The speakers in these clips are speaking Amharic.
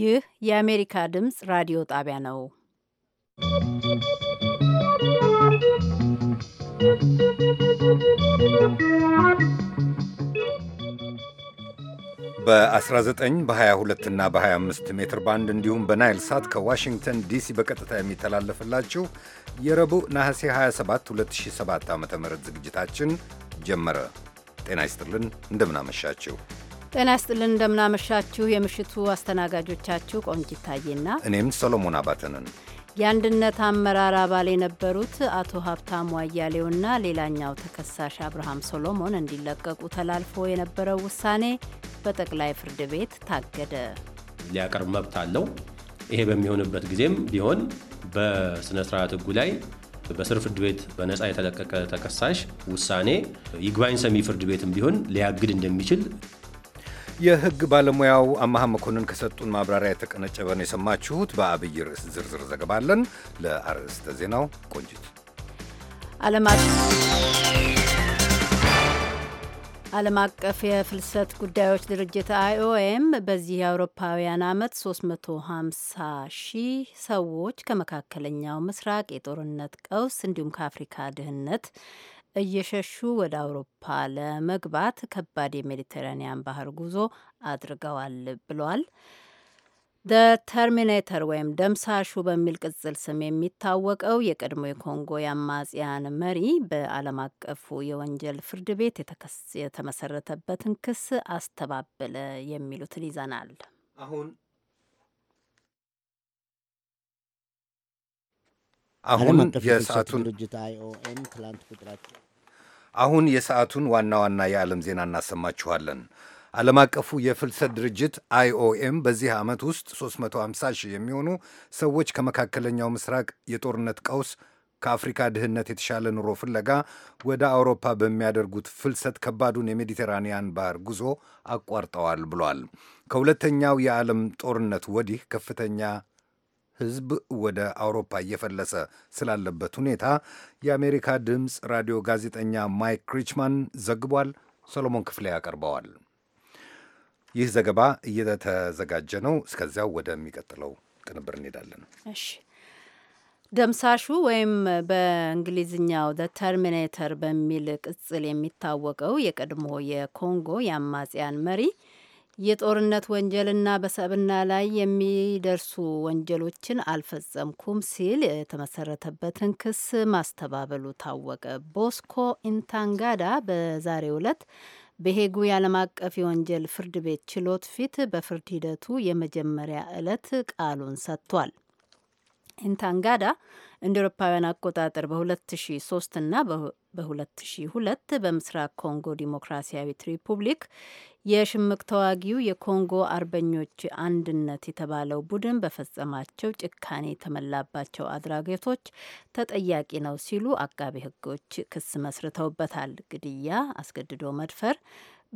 ይህ የአሜሪካ ድምፅ ራዲዮ ጣቢያ ነው። በ19 በ22 እና በ25 ሜትር ባንድ እንዲሁም በናይል ሳት ከዋሽንግተን ዲሲ በቀጥታ የሚተላለፍላችሁ የረቡዕ ነሐሴ 27 2007 ዓ ም ዝግጅታችን ጀመረ። ጤና ይስጥልን እንደምናመሻችሁ። ጤና ይስጥልን እንደምናመሻችሁ። የምሽቱ አስተናጋጆቻችሁ ቆንጅ ይታየና እኔም ሰሎሞን አባተንን የአንድነት አመራር አባል የነበሩት አቶ ሀብታሙ አያሌውና ሌላኛው ተከሳሽ አብርሃም ሶሎሞን እንዲለቀቁ ተላልፎ የነበረው ውሳኔ በጠቅላይ ፍርድ ቤት ታገደ። ሊያቀርብ መብት አለው። ይሄ በሚሆንበት ጊዜም ቢሆን በስነ ስርዓት ላይ በስር ፍርድ ቤት በነፃ የተለቀቀ ተከሳሽ ውሳኔ ይግባኝ ሰሚ ፍርድ ቤትም ቢሆን ሊያግድ እንደሚችል የህግ ባለሙያው አማሃ መኮንን ከሰጡን ማብራሪያ የተቀነጨበ ነው የሰማችሁት። በአብይ ርዕስ ዝርዝር ዘገባ አለን። ለአርዕስተ ዜናው ቆንጅት አለማት ዓለም አቀፍ የፍልሰት ጉዳዮች ድርጅት አይኦኤም በዚህ የአውሮፓውያን ዓመት 350 ሺህ ሰዎች ከመካከለኛው ምስራቅ የጦርነት ቀውስ እንዲሁም ከአፍሪካ ድህነት እየሸሹ ወደ አውሮፓ ለመግባት ከባድ የሜዲተራኒያን ባህር ጉዞ አድርገዋል ብሏል። ደ ተርሚኔተር ወይም ደምሳሹ በሚል ቅጽል ስም የሚታወቀው የቀድሞ የኮንጎ የአማጽያን መሪ በዓለም አቀፉ የወንጀል ፍርድ ቤት የተመሰረተበትን ክስ አስተባበለ የሚሉትን ይዘናል። አሁን አሁን የሰዓቱን ድርጅት አይኦኤም ትላንት ቁጥራቸው አሁን የሰዓቱን ዋና ዋና የዓለም ዜና እናሰማችኋለን። ዓለም አቀፉ የፍልሰት ድርጅት አይኦኤም በዚህ ዓመት ውስጥ 350 ሺህ የሚሆኑ ሰዎች ከመካከለኛው ምስራቅ የጦርነት ቀውስ ከአፍሪካ ድህነት የተሻለ ኑሮ ፍለጋ ወደ አውሮፓ በሚያደርጉት ፍልሰት ከባዱን የሜዲቴራንያን ባህር ጉዞ አቋርጠዋል ብሏል። ከሁለተኛው የዓለም ጦርነት ወዲህ ከፍተኛ ሕዝብ ወደ አውሮፓ እየፈለሰ ስላለበት ሁኔታ የአሜሪካ ድምፅ ራዲዮ ጋዜጠኛ ማይክ ሪችማን ዘግቧል። ሰሎሞን ክፍሌ ያቀርበዋል። ይህ ዘገባ እየተዘጋጀ ነው። እስከዚያው ወደሚቀጥለው ቅንብር እንሄዳለን። እሺ። ደምሳሹ ወይም በእንግሊዝኛው ዘ ተርሚኔተር በሚል ቅጽል የሚታወቀው የቀድሞ የኮንጎ የአማጽያን መሪ የጦርነት ወንጀልና በሰብና ላይ የሚደርሱ ወንጀሎችን አልፈጸምኩም ሲል የተመሰረተበትን ክስ ማስተባበሉ ታወቀ። ቦስኮ ኢንታንጋዳ በዛሬው ዕለት በሄጉ የዓለም አቀፍ የወንጀል ፍርድ ቤት ችሎት ፊት በፍርድ ሂደቱ የመጀመሪያ ዕለት ቃሉን ሰጥቷል። ኢንታንጋዳ እንደ ኤሮፓውያን አቆጣጠር በ2003 እና በ2002 በምስራቅ ኮንጎ ዲሞክራሲያዊት ሪፑብሊክ የሽምቅ ተዋጊው የኮንጎ አርበኞች አንድነት የተባለው ቡድን በፈጸማቸው ጭካኔ የተመላባቸው አድራጎቶች ተጠያቂ ነው ሲሉ አቃቤ ሕጎች ክስ መስርተውበታል። ግድያ፣ አስገድዶ መድፈር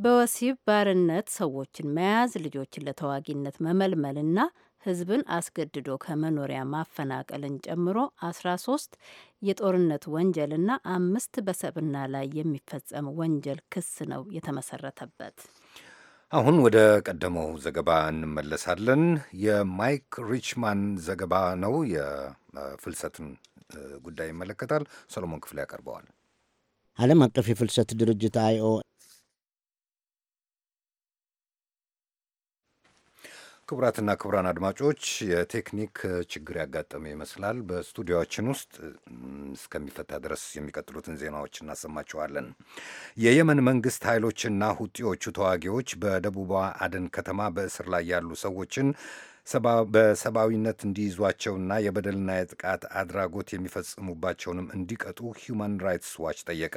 በወሲብ ባርነት ሰዎችን መያዝ፣ ልጆችን ለተዋጊነት መመልመልና ህዝብን አስገድዶ ከመኖሪያ ማፈናቀልን ጨምሮ 13 የጦርነት ወንጀልና አምስት በሰብና ላይ የሚፈጸም ወንጀል ክስ ነው የተመሰረተበት። አሁን ወደ ቀደመው ዘገባ እንመለሳለን። የማይክ ሪችማን ዘገባ ነው። የፍልሰትን ጉዳይ ይመለከታል። ሰሎሞን ክፍሌ ያቀርበዋል። ዓለም አቀፍ የፍልሰት ድርጅት አይኦ ክቡራትና ክቡራን አድማጮች የቴክኒክ ችግር ያጋጠመ ይመስላል። በስቱዲዮችን ውስጥ እስከሚፈታ ድረስ የሚቀጥሉትን ዜናዎች እናሰማችኋለን። የየመን መንግስት ኃይሎችና ሁጢዎቹ ተዋጊዎች በደቡቧ አደን ከተማ በእስር ላይ ያሉ ሰዎችን በሰብአዊነት እንዲይዟቸውና የበደልና የጥቃት አድራጎት የሚፈጽሙባቸውንም እንዲቀጡ ሂውማን ራይትስ ዋች ጠየቀ።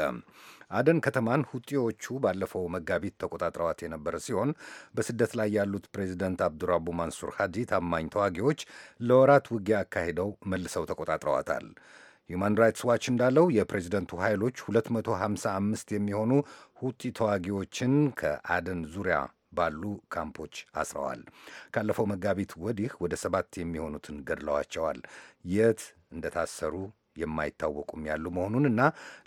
አደን ከተማን ሁጤዎቹ ባለፈው መጋቢት ተቆጣጥረዋት የነበረ ሲሆን በስደት ላይ ያሉት ፕሬዚደንት አብዱራቡ ማንሱር ሃዲ ታማኝ ተዋጊዎች ለወራት ውጊያ አካሂደው መልሰው ተቆጣጥረዋታል። ሁማን ራይትስ ዋች እንዳለው የፕሬዚደንቱ ኃይሎች 255 የሚሆኑ ሁቲ ተዋጊዎችን ከአደን ዙሪያ ባሉ ካምፖች አስረዋል። ካለፈው መጋቢት ወዲህ ወደ ሰባት የሚሆኑትን ገድለዋቸዋል። የት እንደታሰሩ የማይታወቁም ያሉ መሆኑን እና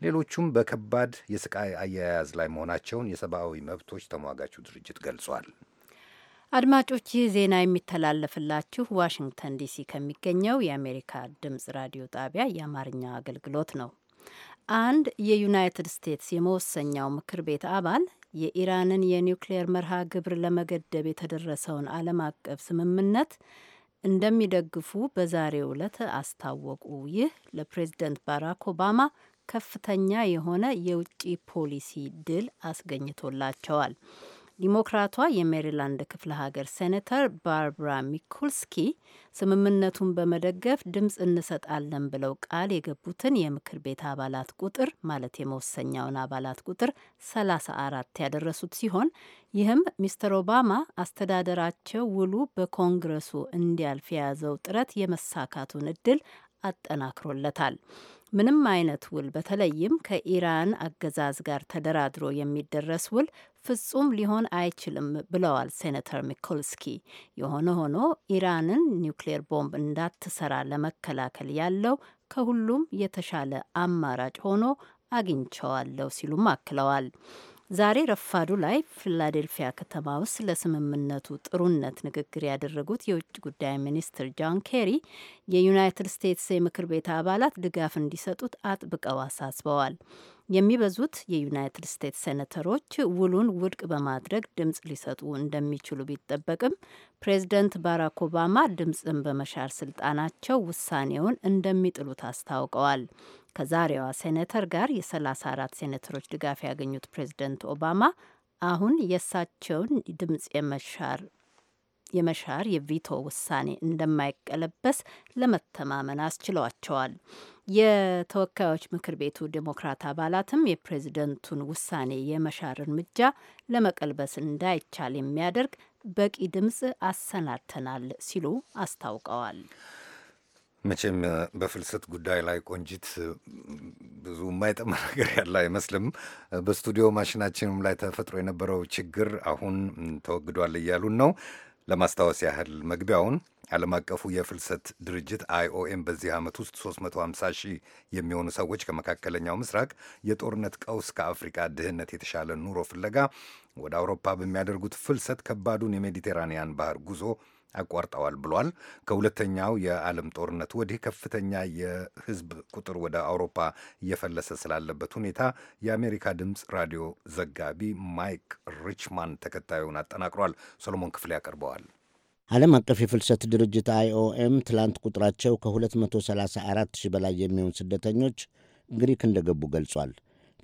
ሌሎቹም በከባድ የስቃይ አያያዝ ላይ መሆናቸውን የሰብአዊ መብቶች ተሟጋቹ ድርጅት ገልጿል። አድማጮች ይህ ዜና የሚተላለፍላችሁ ዋሽንግተን ዲሲ ከሚገኘው የአሜሪካ ድምጽ ራዲዮ ጣቢያ የአማርኛ አገልግሎት ነው። አንድ የዩናይትድ ስቴትስ የመወሰኛው ምክር ቤት አባል የኢራንን የኒውክሌር መርሃ ግብር ለመገደብ የተደረሰውን ዓለም አቀፍ ስምምነት እንደሚደግፉ በዛሬው ዕለት አስታወቁ። ይህ ለፕሬዝደንት ባራክ ኦባማ ከፍተኛ የሆነ የውጭ ፖሊሲ ድል አስገኝቶላቸዋል። ዲሞክራቷ የሜሪላንድ ክፍለ ሀገር ሴኔተር ባርብራ ሚኩልስኪ ስምምነቱን በመደገፍ ድምፅ እንሰጣለን ብለው ቃል የገቡትን የምክር ቤት አባላት ቁጥር ማለት የመወሰኛውን አባላት ቁጥር 34 ያደረሱት ሲሆን ይህም ሚስተር ኦባማ አስተዳደራቸው ውሉ በኮንግረሱ እንዲያልፍ የያዘው ጥረት የመሳካቱን እድል አጠናክሮለታል። ምንም አይነት ውል በተለይም ከኢራን አገዛዝ ጋር ተደራድሮ የሚደረስ ውል ፍጹም ሊሆን አይችልም ብለዋል ሴኔተር ሚኮልስኪ። የሆነ ሆኖ ኢራንን ኒውክሌር ቦምብ እንዳትሰራ ለመከላከል ያለው ከሁሉም የተሻለ አማራጭ ሆኖ አግኝቸዋለሁ ሲሉም አክለዋል። ዛሬ ረፋዱ ላይ ፊላዴልፊያ ከተማ ውስጥ ለስምምነቱ ጥሩነት ንግግር ያደረጉት የውጭ ጉዳይ ሚኒስትር ጆን ኬሪ የዩናይትድ ስቴትስ የምክር ቤት አባላት ድጋፍ እንዲሰጡት አጥብቀው አሳስበዋል። የሚበዙት የዩናይትድ ስቴትስ ሴኔተሮች ውሉን ውድቅ በማድረግ ድምፅ ሊሰጡ እንደሚችሉ ቢጠበቅም ፕሬዚደንት ባራክ ኦባማ ድምፅን በመሻር ስልጣናቸው ውሳኔውን እንደሚጥሉት አስታውቀዋል። ከዛሬዋ ሴኔተር ጋር የ34 ሴኔተሮች ድጋፍ ያገኙት ፕሬዝደንት ኦባማ አሁን የእሳቸውን ድምፅ የመሻር የመሻር የቪቶ ውሳኔ እንደማይቀለበስ ለመተማመን አስችሏቸዋል። የተወካዮች ምክር ቤቱ ዴሞክራት አባላትም የፕሬዝደንቱን ውሳኔ የመሻር እርምጃ ለመቀልበስ እንዳይቻል የሚያደርግ በቂ ድምፅ አሰናድተናል ሲሉ አስታውቀዋል። መቼም በፍልሰት ጉዳይ ላይ ቆንጂት ብዙ የማይጠማ ነገር ያለ አይመስልም። በስቱዲዮ ማሽናችንም ላይ ተፈጥሮ የነበረው ችግር አሁን ተወግዷል እያሉን ነው። ለማስታወስ ያህል መግቢያውን ዓለም አቀፉ የፍልሰት ድርጅት አይኦኤም በዚህ ዓመት ውስጥ 350 ሺህ የሚሆኑ ሰዎች ከመካከለኛው ምስራቅ የጦርነት ቀውስ፣ ከአፍሪካ ድህነት የተሻለ ኑሮ ፍለጋ ወደ አውሮፓ በሚያደርጉት ፍልሰት ከባዱን የሜዲቴራንያን ባህር ጉዞ አቋርጠዋል ብሏል። ከሁለተኛው የዓለም ጦርነት ወዲህ ከፍተኛ የህዝብ ቁጥር ወደ አውሮፓ እየፈለሰ ስላለበት ሁኔታ የአሜሪካ ድምፅ ራዲዮ ዘጋቢ ማይክ ሪችማን ተከታዩን አጠናቅሯል። ሰሎሞን ክፍሌ ያቀርበዋል። ዓለም አቀፍ የፍልሰት ድርጅት አይኦኤም ትላንት ቁጥራቸው ከ234 ሺህ በላይ የሚሆን ስደተኞች ግሪክ እንደገቡ ገልጿል።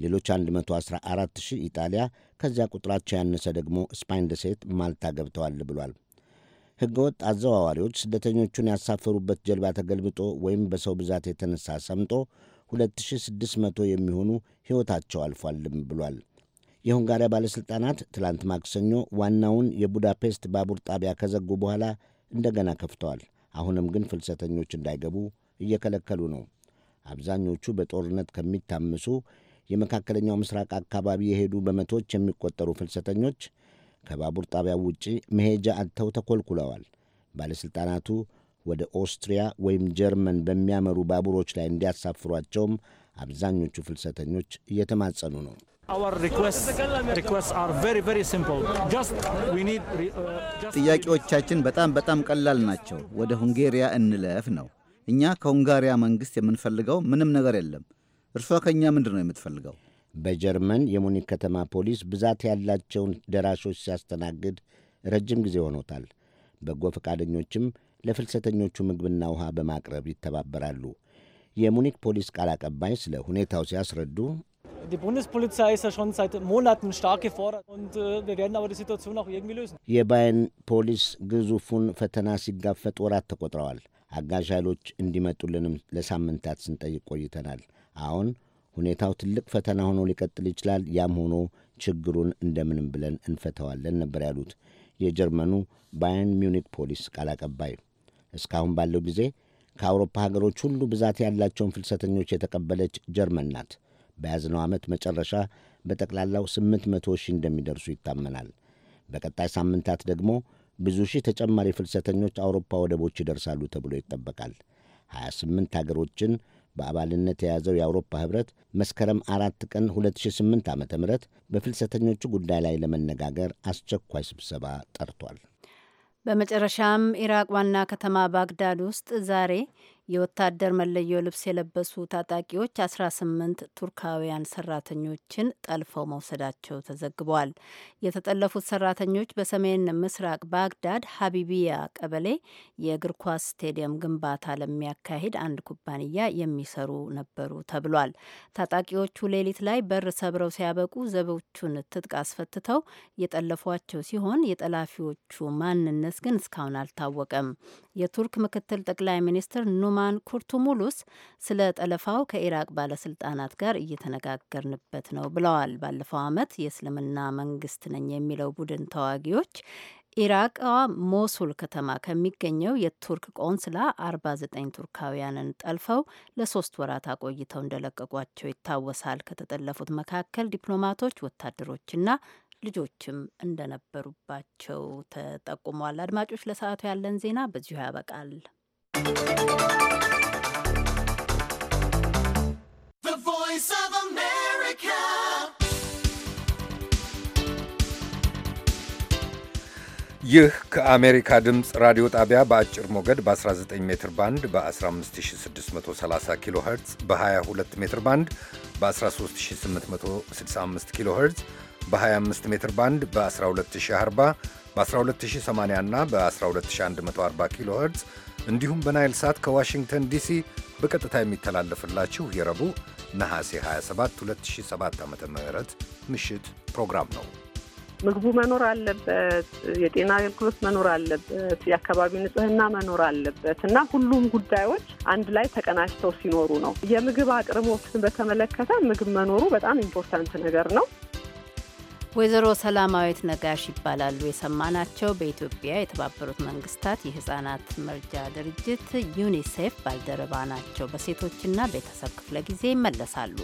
ሌሎች 114 ሺህ ኢጣሊያ፣ ከዚያ ቁጥራቸው ያነሰ ደግሞ ስፓይን ደሴት ማልታ ገብተዋል ብሏል። ሕገወጥ አዘዋዋሪዎች ስደተኞቹን ያሳፈሩበት ጀልባ ተገልብጦ ወይም በሰው ብዛት የተነሳ ሰምጦ 2600 የሚሆኑ ሕይወታቸው አልፏልም ብሏል። የሁንጋሪያ ባለሥልጣናት ትላንት ማክሰኞ ዋናውን የቡዳፔስት ባቡር ጣቢያ ከዘጉ በኋላ እንደገና ከፍተዋል። አሁንም ግን ፍልሰተኞች እንዳይገቡ እየከለከሉ ነው። አብዛኞቹ በጦርነት ከሚታመሱ የመካከለኛው ምስራቅ አካባቢ የሄዱ በመቶዎች የሚቆጠሩ ፍልሰተኞች ከባቡር ጣቢያው ውጪ መሄጃ አጥተው ተኮልኩለዋል። ባለሥልጣናቱ ወደ ኦስትሪያ ወይም ጀርመን በሚያመሩ ባቡሮች ላይ እንዲያሳፍሯቸውም አብዛኞቹ ፍልሰተኞች እየተማጸኑ ነው። uh, ጥያቄዎቻችን በጣም በጣም ቀላል ናቸው። ወደ ሁንጌሪያ እንለፍ ነው። እኛ ከሁንጋሪያ መንግሥት የምንፈልገው ምንም ነገር የለም። እርሷ ከእኛ ምንድን ነው የምትፈልገው? በጀርመን የሙኒክ ከተማ ፖሊስ ብዛት ያላቸውን ደራሾች ሲያስተናግድ ረጅም ጊዜ ሆኖታል። በጎ ፈቃደኞችም ለፍልሰተኞቹ ምግብና ውሃ በማቅረብ ይተባበራሉ። የሙኒክ ፖሊስ ቃል አቀባይ ስለ ሁኔታው ሲያስረዱ äh, የባየን ፖሊስ ግዙፉን ፈተና ሲጋፈጥ ወራት ተቆጥረዋል። አጋዥ ኃይሎች እንዲመጡልንም ለሳምንታት ስንጠይቅ ቆይተናል። አሁን ሁኔታው ትልቅ ፈተና ሆኖ ሊቀጥል ይችላል። ያም ሆኖ ችግሩን እንደምንም ብለን እንፈተዋለን ነበር ያሉት የጀርመኑ ባየርን ሚዩኒክ ፖሊስ ቃል አቀባይ። እስካሁን ባለው ጊዜ ከአውሮፓ ሀገሮች ሁሉ ብዛት ያላቸውን ፍልሰተኞች የተቀበለች ጀርመን ናት። በያዝነው ዓመት መጨረሻ በጠቅላላው 800 ሺህ እንደሚደርሱ ይታመናል። በቀጣይ ሳምንታት ደግሞ ብዙ ሺህ ተጨማሪ ፍልሰተኞች አውሮፓ ወደቦች ይደርሳሉ ተብሎ ይጠበቃል። 28 ሀገሮችን በአባልነት የያዘው የአውሮፓ ህብረት መስከረም አራት ቀን 2008 ዓ ም በፍልሰተኞቹ ጉዳይ ላይ ለመነጋገር አስቸኳይ ስብሰባ ጠርቷል። በመጨረሻም ኢራቅ ዋና ከተማ ባግዳድ ውስጥ ዛሬ የወታደር መለዮ ልብስ የለበሱ ታጣቂዎች 18 ቱርካውያን ሰራተኞችን ጠልፈው መውሰዳቸው ተዘግቧል። የተጠለፉት ሰራተኞች በሰሜን ምስራቅ ባግዳድ ሀቢቢያ ቀበሌ የእግር ኳስ ስቴዲየም ግንባታ ለሚያካሂድ አንድ ኩባንያ የሚሰሩ ነበሩ ተብሏል። ታጣቂዎቹ ሌሊት ላይ በር ሰብረው ሲያበቁ ዘቦቹን ትጥቅ አስፈትተው የጠለፏቸው ሲሆን የጠላፊዎቹ ማንነት ግን እስካሁን አልታወቀም። የቱርክ ምክትል ጠቅላይ ሚኒስትር ኑማ ኖማን ኩርቱሙሉስ ስለ ጠለፋው ከኢራቅ ባለስልጣናት ጋር እየተነጋገርንበት ነው ብለዋል። ባለፈው ዓመት የእስልምና መንግስት ነኝ የሚለው ቡድን ተዋጊዎች ኢራቅ ሞሱል ከተማ ከሚገኘው የቱርክ ቆንስላ 49 ቱርካውያንን ጠልፈው ለሶስት ወራት አቆይተው እንደለቀቋቸው ይታወሳል። ከተጠለፉት መካከል ዲፕሎማቶች፣ ወታደሮችና ልጆችም እንደነበሩባቸው ተጠቁሟል። አድማጮች፣ ለሰዓቱ ያለን ዜና በዚሁ ያበቃል። Voice of America. ይህ ከአሜሪካ ድምፅ ራዲዮ ጣቢያ በአጭር ሞገድ በ19 ሜትር ባንድ በ15630 ኪሎ ኸርትዝ በ22 ሜትር ባንድ በ13865 ኪሎ ኸርትዝ በ25 ሜትር ባንድ በ12040 በ12080 እና በ12140 ኪሎ ኸርትዝ እንዲሁም በናይል ሳት ከዋሽንግተን ዲሲ በቀጥታ የሚተላለፍላችሁ የረቡዕ ነሐሴ 27 2007 ዓ ም ምሽት ፕሮግራም ነው። ምግቡ መኖር አለበት፣ የጤና አገልግሎት መኖር አለበት፣ የአካባቢ ንጽህና መኖር አለበት እና ሁሉም ጉዳዮች አንድ ላይ ተቀናጅተው ሲኖሩ ነው። የምግብ አቅርቦትን በተመለከተ ምግብ መኖሩ በጣም ኢምፖርታንት ነገር ነው። ወይዘሮ ሰላማዊት ነጋሽ ይባላሉ። የሰማናቸው በኢትዮጵያ የተባበሩት መንግስታት የህጻናት መርጃ ድርጅት ዩኒሴፍ ባልደረባ ናቸው። በሴቶችና ቤተሰብ ክፍለ ጊዜ ይመለሳሉ።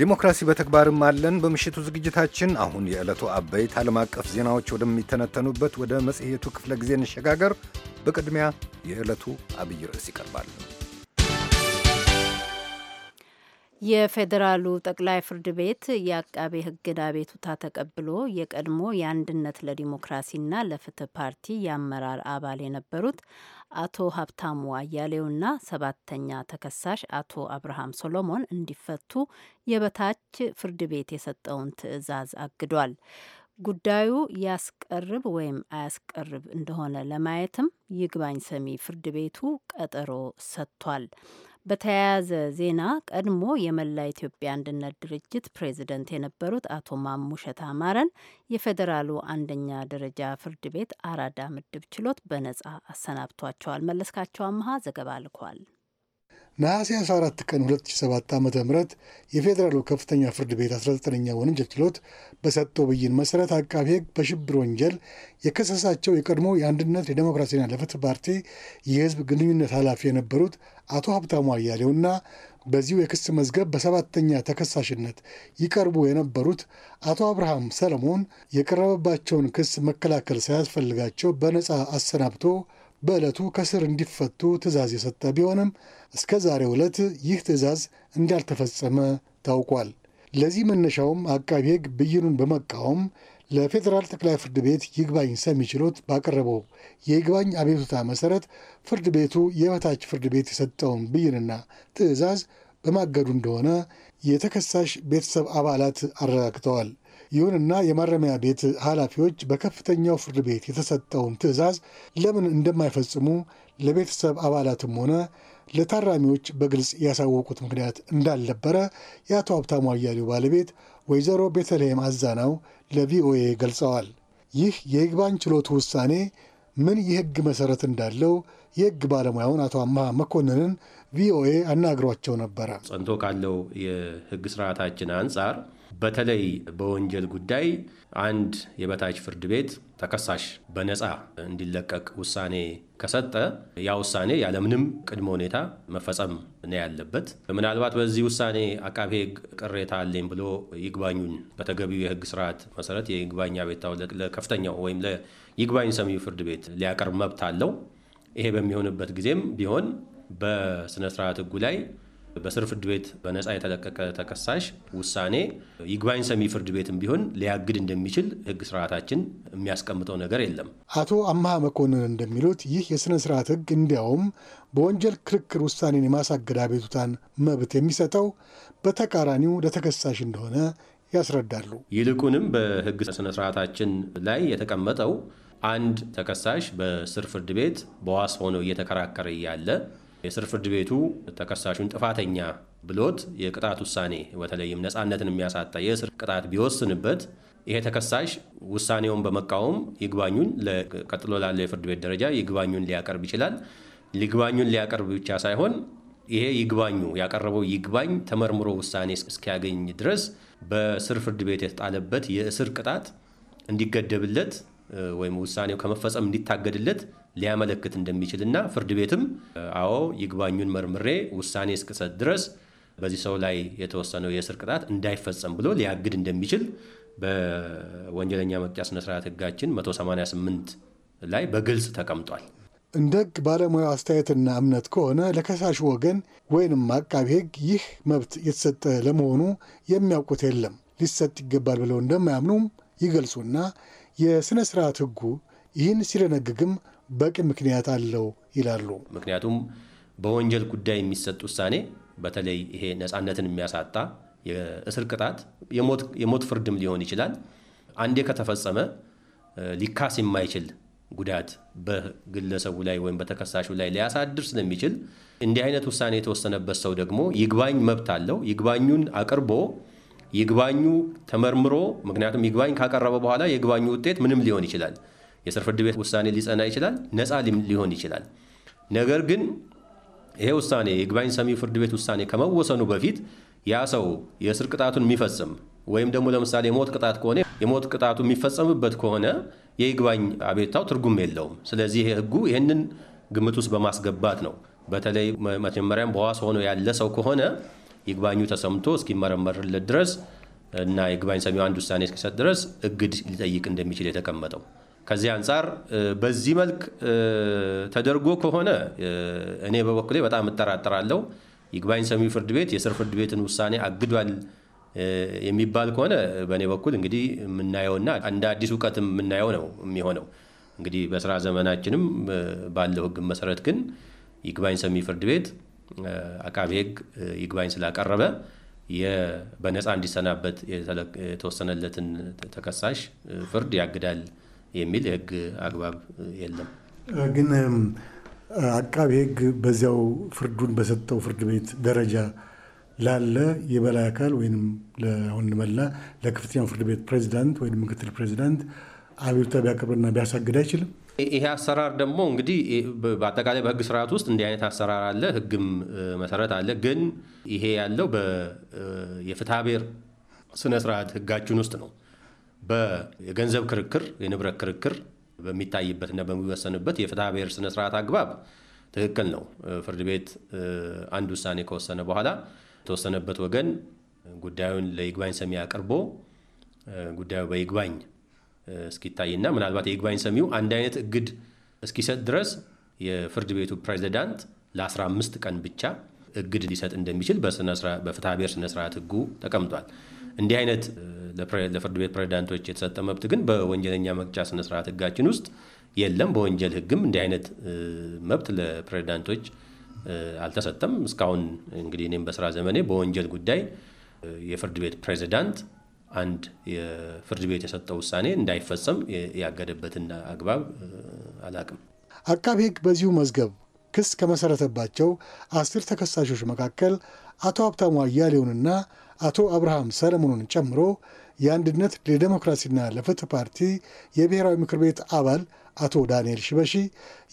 ዲሞክራሲ በተግባርም አለን። በምሽቱ ዝግጅታችን አሁን የዕለቱ አበይት ዓለም አቀፍ ዜናዎች ወደሚተነተኑበት ወደ መጽሔቱ ክፍለ ጊዜ እንሸጋገር። በቅድሚያ የዕለቱ አብይ ርዕስ ይቀርባል። የፌዴራሉ ጠቅላይ ፍርድ ቤት የአቃቤ ሕግን አቤቱታ ተቀብሎ የቀድሞ የአንድነት ለዲሞክራሲና ለፍትህ ፓርቲ የአመራር አባል የነበሩት አቶ ሀብታሙ አያሌውና ሰባተኛ ተከሳሽ አቶ አብርሃም ሶሎሞን እንዲፈቱ የበታች ፍርድ ቤት የሰጠውን ትዕዛዝ አግዷል። ጉዳዩ ያስቀርብ ወይም አያስቀርብ እንደሆነ ለማየትም ይግባኝ ሰሚ ፍርድ ቤቱ ቀጠሮ ሰጥቷል። በተያያዘ ዜና ቀድሞ የመላ ኢትዮጵያ አንድነት ድርጅት ፕሬዝደንት የነበሩት አቶ ማሙሸት አማረን የፌዴራሉ አንደኛ ደረጃ ፍርድ ቤት አራዳ ምድብ ችሎት በነጻ አሰናብቷቸዋል። መለስካቸው አመሀ ዘገባ ልኳል። ነሐሴ 14 ቀን 2007 ዓ ም የፌዴራሉ ከፍተኛ ፍርድ ቤት 19ኛ ወንጀል ችሎት በሰጠው ብይን መሠረት አቃቤ ሕግ በሽብር ወንጀል የከሰሳቸው የቀድሞ የአንድነት የዴሞክራሲና ለፍትህ ፓርቲ የህዝብ ግንኙነት ኃላፊ የነበሩት አቶ ሀብታሙ አያሌውና በዚሁ የክስ መዝገብ በሰባተኛ ተከሳሽነት ይቀርቡ የነበሩት አቶ አብርሃም ሰለሞን የቀረበባቸውን ክስ መከላከል ሳያስፈልጋቸው በነፃ አሰናብቶ በዕለቱ ከስር እንዲፈቱ ትእዛዝ የሰጠ ቢሆንም እስከ ዛሬው ዕለት ይህ ትእዛዝ እንዳልተፈጸመ ታውቋል። ለዚህ መነሻውም አቃቢ ሕግ ብይኑን በመቃወም ለፌዴራል ጠቅላይ ፍርድ ቤት ይግባኝ ሰሚ ችሎት ባቀረበው የይግባኝ አቤቱታ መሰረት ፍርድ ቤቱ የበታች ፍርድ ቤት የሰጠውን ብይንና ትእዛዝ በማገዱ እንደሆነ የተከሳሽ ቤተሰብ አባላት አረጋግጠዋል። ይሁንና የማረሚያ ቤት ኃላፊዎች በከፍተኛው ፍርድ ቤት የተሰጠውን ትዕዛዝ ለምን እንደማይፈጽሙ ለቤተሰብ አባላትም ሆነ ለታራሚዎች በግልጽ ያሳወቁት ምክንያት እንዳልነበረ የአቶ ሀብታሙ አያሌው ባለቤት ወይዘሮ ቤተልሔም አዛናው ለቪኦኤ ገልጸዋል። ይህ የይግባኝ ችሎቱ ውሳኔ ምን የሕግ መሠረት እንዳለው የሕግ ባለሙያውን አቶ አምሃ መኮንንን ቪኦኤ አናግሯቸው ነበረ። ጸንቶ ካለው የሕግ ስርዓታችን አንጻር በተለይ በወንጀል ጉዳይ አንድ የበታች ፍርድ ቤት ተከሳሽ በነፃ እንዲለቀቅ ውሳኔ ከሰጠ ያ ውሳኔ ያለምንም ቅድመ ሁኔታ መፈጸም ነው ያለበት። ምናልባት በዚህ ውሳኔ አቃቤ ሕግ ቅሬታ አለኝ ብሎ ይግባኙን በተገቢው የሕግ ስርዓት መሰረት የይግባኝ አቤቱታውን ለከፍተኛው ወይም ለይግባኝ ሰሚው ፍርድ ቤት ሊያቀርብ መብት አለው። ይሄ በሚሆንበት ጊዜም ቢሆን በስነስርዓት ሕጉ ላይ በስር ፍርድ ቤት በነፃ የተለቀቀ ተከሳሽ ውሳኔ ይግባኝ ሰሚ ፍርድ ቤትም ቢሆን ሊያግድ እንደሚችል ህግ ስርዓታችን የሚያስቀምጠው ነገር የለም። አቶ አምሃ መኮንን እንደሚሉት ይህ የሥነ ስርዓት ህግ እንዲያውም በወንጀል ክርክር ውሳኔን የማሳገድ አቤቱታን መብት የሚሰጠው በተቃራኒው ለተከሳሽ እንደሆነ ያስረዳሉ። ይልቁንም በህግ ስነ ስርዓታችን ላይ የተቀመጠው አንድ ተከሳሽ በስር ፍርድ ቤት በዋስ ሆነው እየተከራከረ እያለ የስር ፍርድ ቤቱ ተከሳሹን ጥፋተኛ ብሎት የቅጣት ውሳኔ በተለይም ነፃነትን የሚያሳጣ የእስር ቅጣት ቢወስንበት ይሄ ተከሳሽ ውሳኔውን በመቃወም ይግባኙን ቀጥሎ ላለው የፍርድ ቤት ደረጃ ይግባኙን ሊያቀርብ ይችላል። ይግባኙን ሊያቀርብ ብቻ ሳይሆን ይሄ ይግባኙ ያቀረበው ይግባኝ ተመርምሮ ውሳኔ እስኪያገኝ ድረስ በስር ፍርድ ቤት የተጣለበት የእስር ቅጣት እንዲገደብለት ወይም ውሳኔው ከመፈጸም እንዲታገድለት ሊያመለክት እንደሚችልና ፍርድ ቤትም አዎ ይግባኙን መርምሬ ውሳኔ እስክሰጥ ድረስ በዚህ ሰው ላይ የተወሰነው የእስር ቅጣት እንዳይፈጸም ብሎ ሊያግድ እንደሚችል በወንጀለኛ መቅጫ ስነስርዓት ህጋችን 188 ላይ በግልጽ ተቀምጧል። እንደ ህግ ባለሙያ አስተያየትና እምነት ከሆነ ለከሳሽ ወገን ወይንም አቃቢ ህግ ይህ መብት የተሰጠ ለመሆኑ የሚያውቁት የለም። ሊሰጥ ይገባል ብለው እንደማያምኑም ይገልጹና የሥነ ሥርዓት ህጉ ይህን ሲደነግግም በቂ ምክንያት አለው ይላሉ። ምክንያቱም በወንጀል ጉዳይ የሚሰጥ ውሳኔ በተለይ ይሄ ነፃነትን የሚያሳጣ የእስር ቅጣት፣ የሞት ፍርድም ሊሆን ይችላል። አንዴ ከተፈጸመ ሊካስ የማይችል ጉዳት በግለሰቡ ላይ ወይም በተከሳሹ ላይ ሊያሳድር ስለሚችል እንዲህ አይነት ውሳኔ የተወሰነበት ሰው ደግሞ ይግባኝ መብት አለው። ይግባኙን አቅርቦ ይግባኙ ተመርምሮ ምክንያቱም ይግባኝ ካቀረበ በኋላ የይግባኙ ውጤት ምንም ሊሆን ይችላል። የስር ፍርድ ቤት ውሳኔ ሊጸና ይችላል፣ ነፃ ሊሆን ይችላል። ነገር ግን ይሄ ውሳኔ የግባኝ ሰሚ ፍርድ ቤት ውሳኔ ከመወሰኑ በፊት ያ ሰው የእስር ቅጣቱን የሚፈጽም ወይም ደግሞ ለምሳሌ የሞት ቅጣት ከሆነ የሞት ቅጣቱ የሚፈጸምበት ከሆነ የይግባኝ አቤቱታው ትርጉም የለውም። ስለዚህ ይሄ ህጉ ይህንን ግምት ውስጥ በማስገባት ነው። በተለይ መጀመሪያም በዋስ ሆኖ ያለ ሰው ከሆነ ይግባኙ ተሰምቶ እስኪመረመርለት ድረስ እና የግባኝ ሰሚው አንድ ውሳኔ እስኪሰጥ ድረስ እግድ ሊጠይቅ እንደሚችል የተቀመጠው ከዚህ አንጻር በዚህ መልክ ተደርጎ ከሆነ እኔ በበኩሌ በጣም እጠራጠራለሁ። ይግባኝ ሰሚ ፍርድ ቤት የስር ፍርድ ቤትን ውሳኔ አግዷል የሚባል ከሆነ በእኔ በኩል እንግዲህ የምናየውና እንደ አዲስ እውቀት የምናየው ነው የሚሆነው። እንግዲህ በስራ ዘመናችንም ባለው ሕግ መሰረት ግን ይግባኝ ሰሚ ፍርድ ቤት አቃቤ ሕግ ይግባኝ ስላቀረበ በነፃ እንዲሰናበት የተወሰነለትን ተከሳሽ ፍርድ ያግዳል የሚል የህግ አግባብ የለም። ግን አቃቢ ህግ በዚያው ፍርዱን በሰጠው ፍርድ ቤት ደረጃ ላለ የበላይ አካል ወይም ለሁን መላ ለከፍተኛው ፍርድ ቤት ፕሬዚዳንት ወይም ምክትል ፕሬዚዳንት አቤቱታ ቢያቀርብና ቢያሳግድ አይችልም። ይሄ አሰራር ደግሞ እንግዲህ በአጠቃላይ በህግ ስርዓት ውስጥ እንዲህ አይነት አሰራር አለ፣ ህግም መሰረት አለ። ግን ይሄ ያለው የፍትሐ ብሔር ስነ ስርዓት ህጋችን ውስጥ ነው። የገንዘብ ክርክር፣ የንብረት ክርክር በሚታይበትና በሚወሰንበት የፍትሐ ብሔር ስነስርዓት አግባብ ትክክል ነው። ፍርድ ቤት አንድ ውሳኔ ከወሰነ በኋላ የተወሰነበት ወገን ጉዳዩን ለይግባኝ ሰሚ አቅርቦ ጉዳዩ በይግባኝ እስኪታይና ምናልባት የይግባኝ ሰሚው አንድ አይነት እግድ እስኪሰጥ ድረስ የፍርድ ቤቱ ፕሬዚዳንት ለ15 ቀን ብቻ እግድ ሊሰጥ እንደሚችል በፍትሐ ብሔር ስነስርዓት ህጉ ተቀምጧል። እንዲህ አይነት ለፍርድ ቤት ፕሬዝዳንቶች የተሰጠ መብት ግን በወንጀለኛ መቅጫ ስነስርዓት ህጋችን ውስጥ የለም። በወንጀል ህግም እንዲህ አይነት መብት ለፕሬዝዳንቶች አልተሰጠም። እስካሁን እንግዲህ እኔም በስራ ዘመኔ በወንጀል ጉዳይ የፍርድ ቤት ፕሬዝዳንት አንድ የፍርድ ቤት የሰጠው ውሳኔ እንዳይፈጸም ያገደበትን አግባብ አላቅም። አቃቢ ህግ በዚሁ መዝገብ ክስ ከመሰረተባቸው አስር ተከሳሾች መካከል አቶ ሀብታሙ አያሌውንና አቶ አብርሃም ሰለሞኑን ጨምሮ የአንድነት ለዴሞክራሲና ለፍትህ ፓርቲ የብሔራዊ ምክር ቤት አባል አቶ ዳንኤል ሽበሺ፣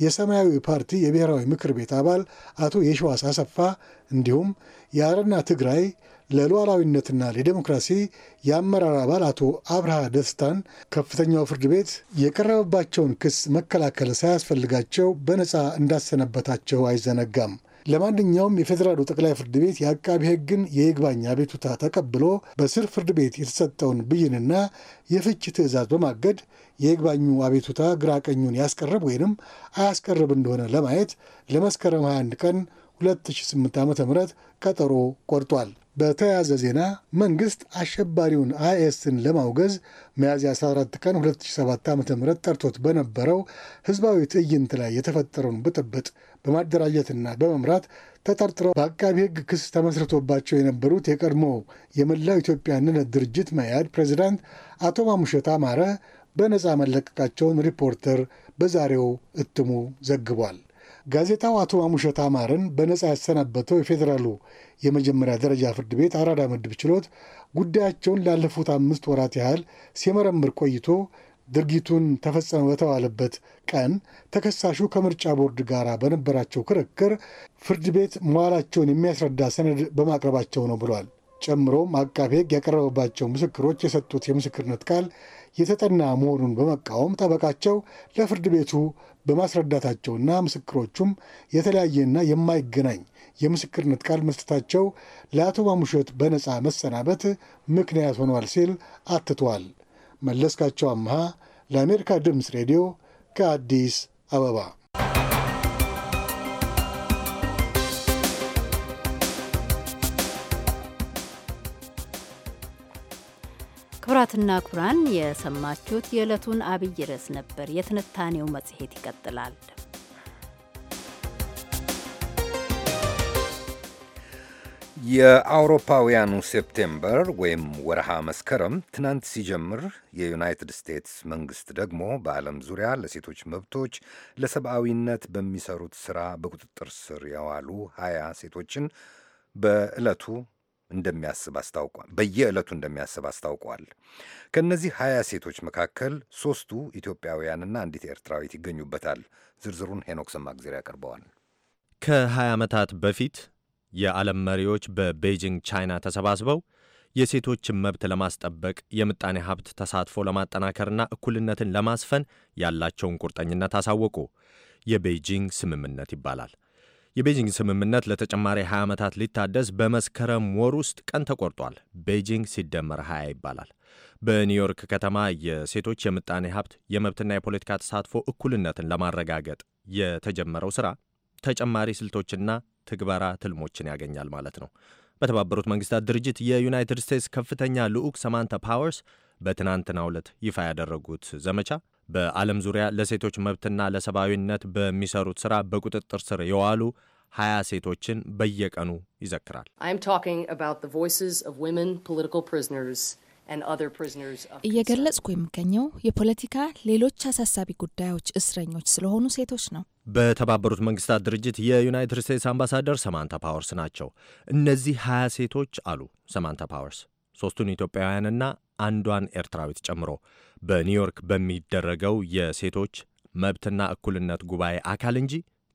የሰማያዊ ፓርቲ የብሔራዊ ምክር ቤት አባል አቶ የሸዋስ አሰፋ እንዲሁም የአረና ትግራይ ለሉዓላዊነትና ለዴሞክራሲ የአመራር አባል አቶ አብርሃ ደስታን ከፍተኛው ፍርድ ቤት የቀረበባቸውን ክስ መከላከል ሳያስፈልጋቸው በነፃ እንዳሰነበታቸው አይዘነጋም። ለማንኛውም የፌዴራሉ ጠቅላይ ፍርድ ቤት የአቃቢ ሕግን የይግባኝ አቤቱታ ተቀብሎ በስር ፍርድ ቤት የተሰጠውን ብይንና የፍች ትዕዛዝ በማገድ የይግባኙ አቤቱታ ግራቀኙን ያስቀርብ ወይንም አያስቀርብ እንደሆነ ለማየት ለመስከረም 21 ቀን 2008 ዓ ም ቀጠሮ ቆርጧል። በተያያዘ ዜና መንግሥት አሸባሪውን አይኤስን ለማውገዝ ሚያዝያ 14 ቀን 2007 ዓ ም ጠርቶት በነበረው ሕዝባዊ ትዕይንት ላይ የተፈጠረውን ብጥብጥ በማደራጀትና በመምራት ተጠርጥረው በአቃቢ ሕግ ክስ ተመስርቶባቸው የነበሩት የቀድሞ የመላው ኢትዮጵያ አንድነት ድርጅት መያድ ፕሬዚዳንት አቶ ማሙሸት አማረ በነፃ መለቀቃቸውን ሪፖርተር በዛሬው እትሙ ዘግቧል። ጋዜጣው አቶ ማሙሸት አማርን በነፃ ያሰናበተው የፌዴራሉ የመጀመሪያ ደረጃ ፍርድ ቤት አራዳ ምድብ ችሎት ጉዳያቸውን ላለፉት አምስት ወራት ያህል ሲመረምር ቆይቶ ድርጊቱን ተፈጸመ በተባለበት ቀን ተከሳሹ ከምርጫ ቦርድ ጋር በነበራቸው ክርክር ፍርድ ቤት መዋላቸውን የሚያስረዳ ሰነድ በማቅረባቸው ነው ብሏል። ጨምሮም አቃቤ ሕግ ያቀረበባቸው ምስክሮች የሰጡት የምስክርነት ቃል የተጠና መሆኑን በመቃወም ጠበቃቸው ለፍርድ ቤቱ በማስረዳታቸውና ምስክሮቹም የተለያየና የማይገናኝ የምስክርነት ቃል መስጠታቸው ለአቶ ማሙሸት በነፃ መሰናበት ምክንያት ሆኗል ሲል አትቷል። መለስካቸው አምሃ ለአሜሪካ ድምፅ ሬዲዮ ከአዲስ አበባ ክቡራትና ክቡራን የሰማችሁት የዕለቱን አብይ ርዕስ ነበር። የትንታኔው መጽሔት ይቀጥላል። የአውሮፓውያኑ ሴፕቴምበር ወይም ወርሃ መስከረም ትናንት ሲጀምር የዩናይትድ ስቴትስ መንግስት ደግሞ በዓለም ዙሪያ ለሴቶች መብቶች ለሰብአዊነት በሚሰሩት ሥራ በቁጥጥር ስር የዋሉ ሀያ ሴቶችን በዕለቱ እንደሚያስብ አስታውቋል። በየዕለቱ እንደሚያስብ አስታውቋል። ከእነዚህ ሀያ ሴቶች መካከል ሦስቱ ኢትዮጵያውያንና አንዲት ኤርትራዊት ይገኙበታል። ዝርዝሩን ሄኖክ ሰማግዜር ያቀርበዋል። ከ20 ዓመታት በፊት የዓለም መሪዎች በቤጂንግ ቻይና ተሰባስበው የሴቶችን መብት ለማስጠበቅ የምጣኔ ሀብት ተሳትፎ ለማጠናከርና እኩልነትን ለማስፈን ያላቸውን ቁርጠኝነት አሳወቁ። የቤጂንግ ስምምነት ይባላል። የቤጂንግ ስምምነት ለተጨማሪ 20 ዓመታት ሊታደስ በመስከረም ወር ውስጥ ቀን ተቆርጧል። ቤጂንግ ሲደመር 20 ይባላል። በኒውዮርክ ከተማ የሴቶች የምጣኔ ሀብት የመብትና የፖለቲካ ተሳትፎ እኩልነትን ለማረጋገጥ የተጀመረው ሥራ ተጨማሪ ስልቶችና ትግበራ ትልሞችን ያገኛል ማለት ነው። በተባበሩት መንግስታት ድርጅት የዩናይትድ ስቴትስ ከፍተኛ ልዑክ ሰማንታ ፓወርስ በትናንትናው ዕለት ይፋ ያደረጉት ዘመቻ በዓለም ዙሪያ ለሴቶች መብትና ለሰብአዊነት በሚሰሩት ሥራ በቁጥጥር ስር የዋሉ ሀያ ሴቶችን በየቀኑ ይዘክራል። እየገለጽኩ የሚገኘው የፖለቲካ ሌሎች አሳሳቢ ጉዳዮች እስረኞች ስለሆኑ ሴቶች ነው። በተባበሩት መንግስታት ድርጅት የዩናይትድ ስቴትስ አምባሳደር ሰማንታ ፓወርስ ናቸው። እነዚህ ሀያ ሴቶች አሉ ሰማንታ ፓወርስ ሶስቱን ኢትዮጵያውያንና አንዷን ኤርትራዊት ጨምሮ በኒውዮርክ በሚደረገው የሴቶች መብትና እኩልነት ጉባኤ አካል እንጂ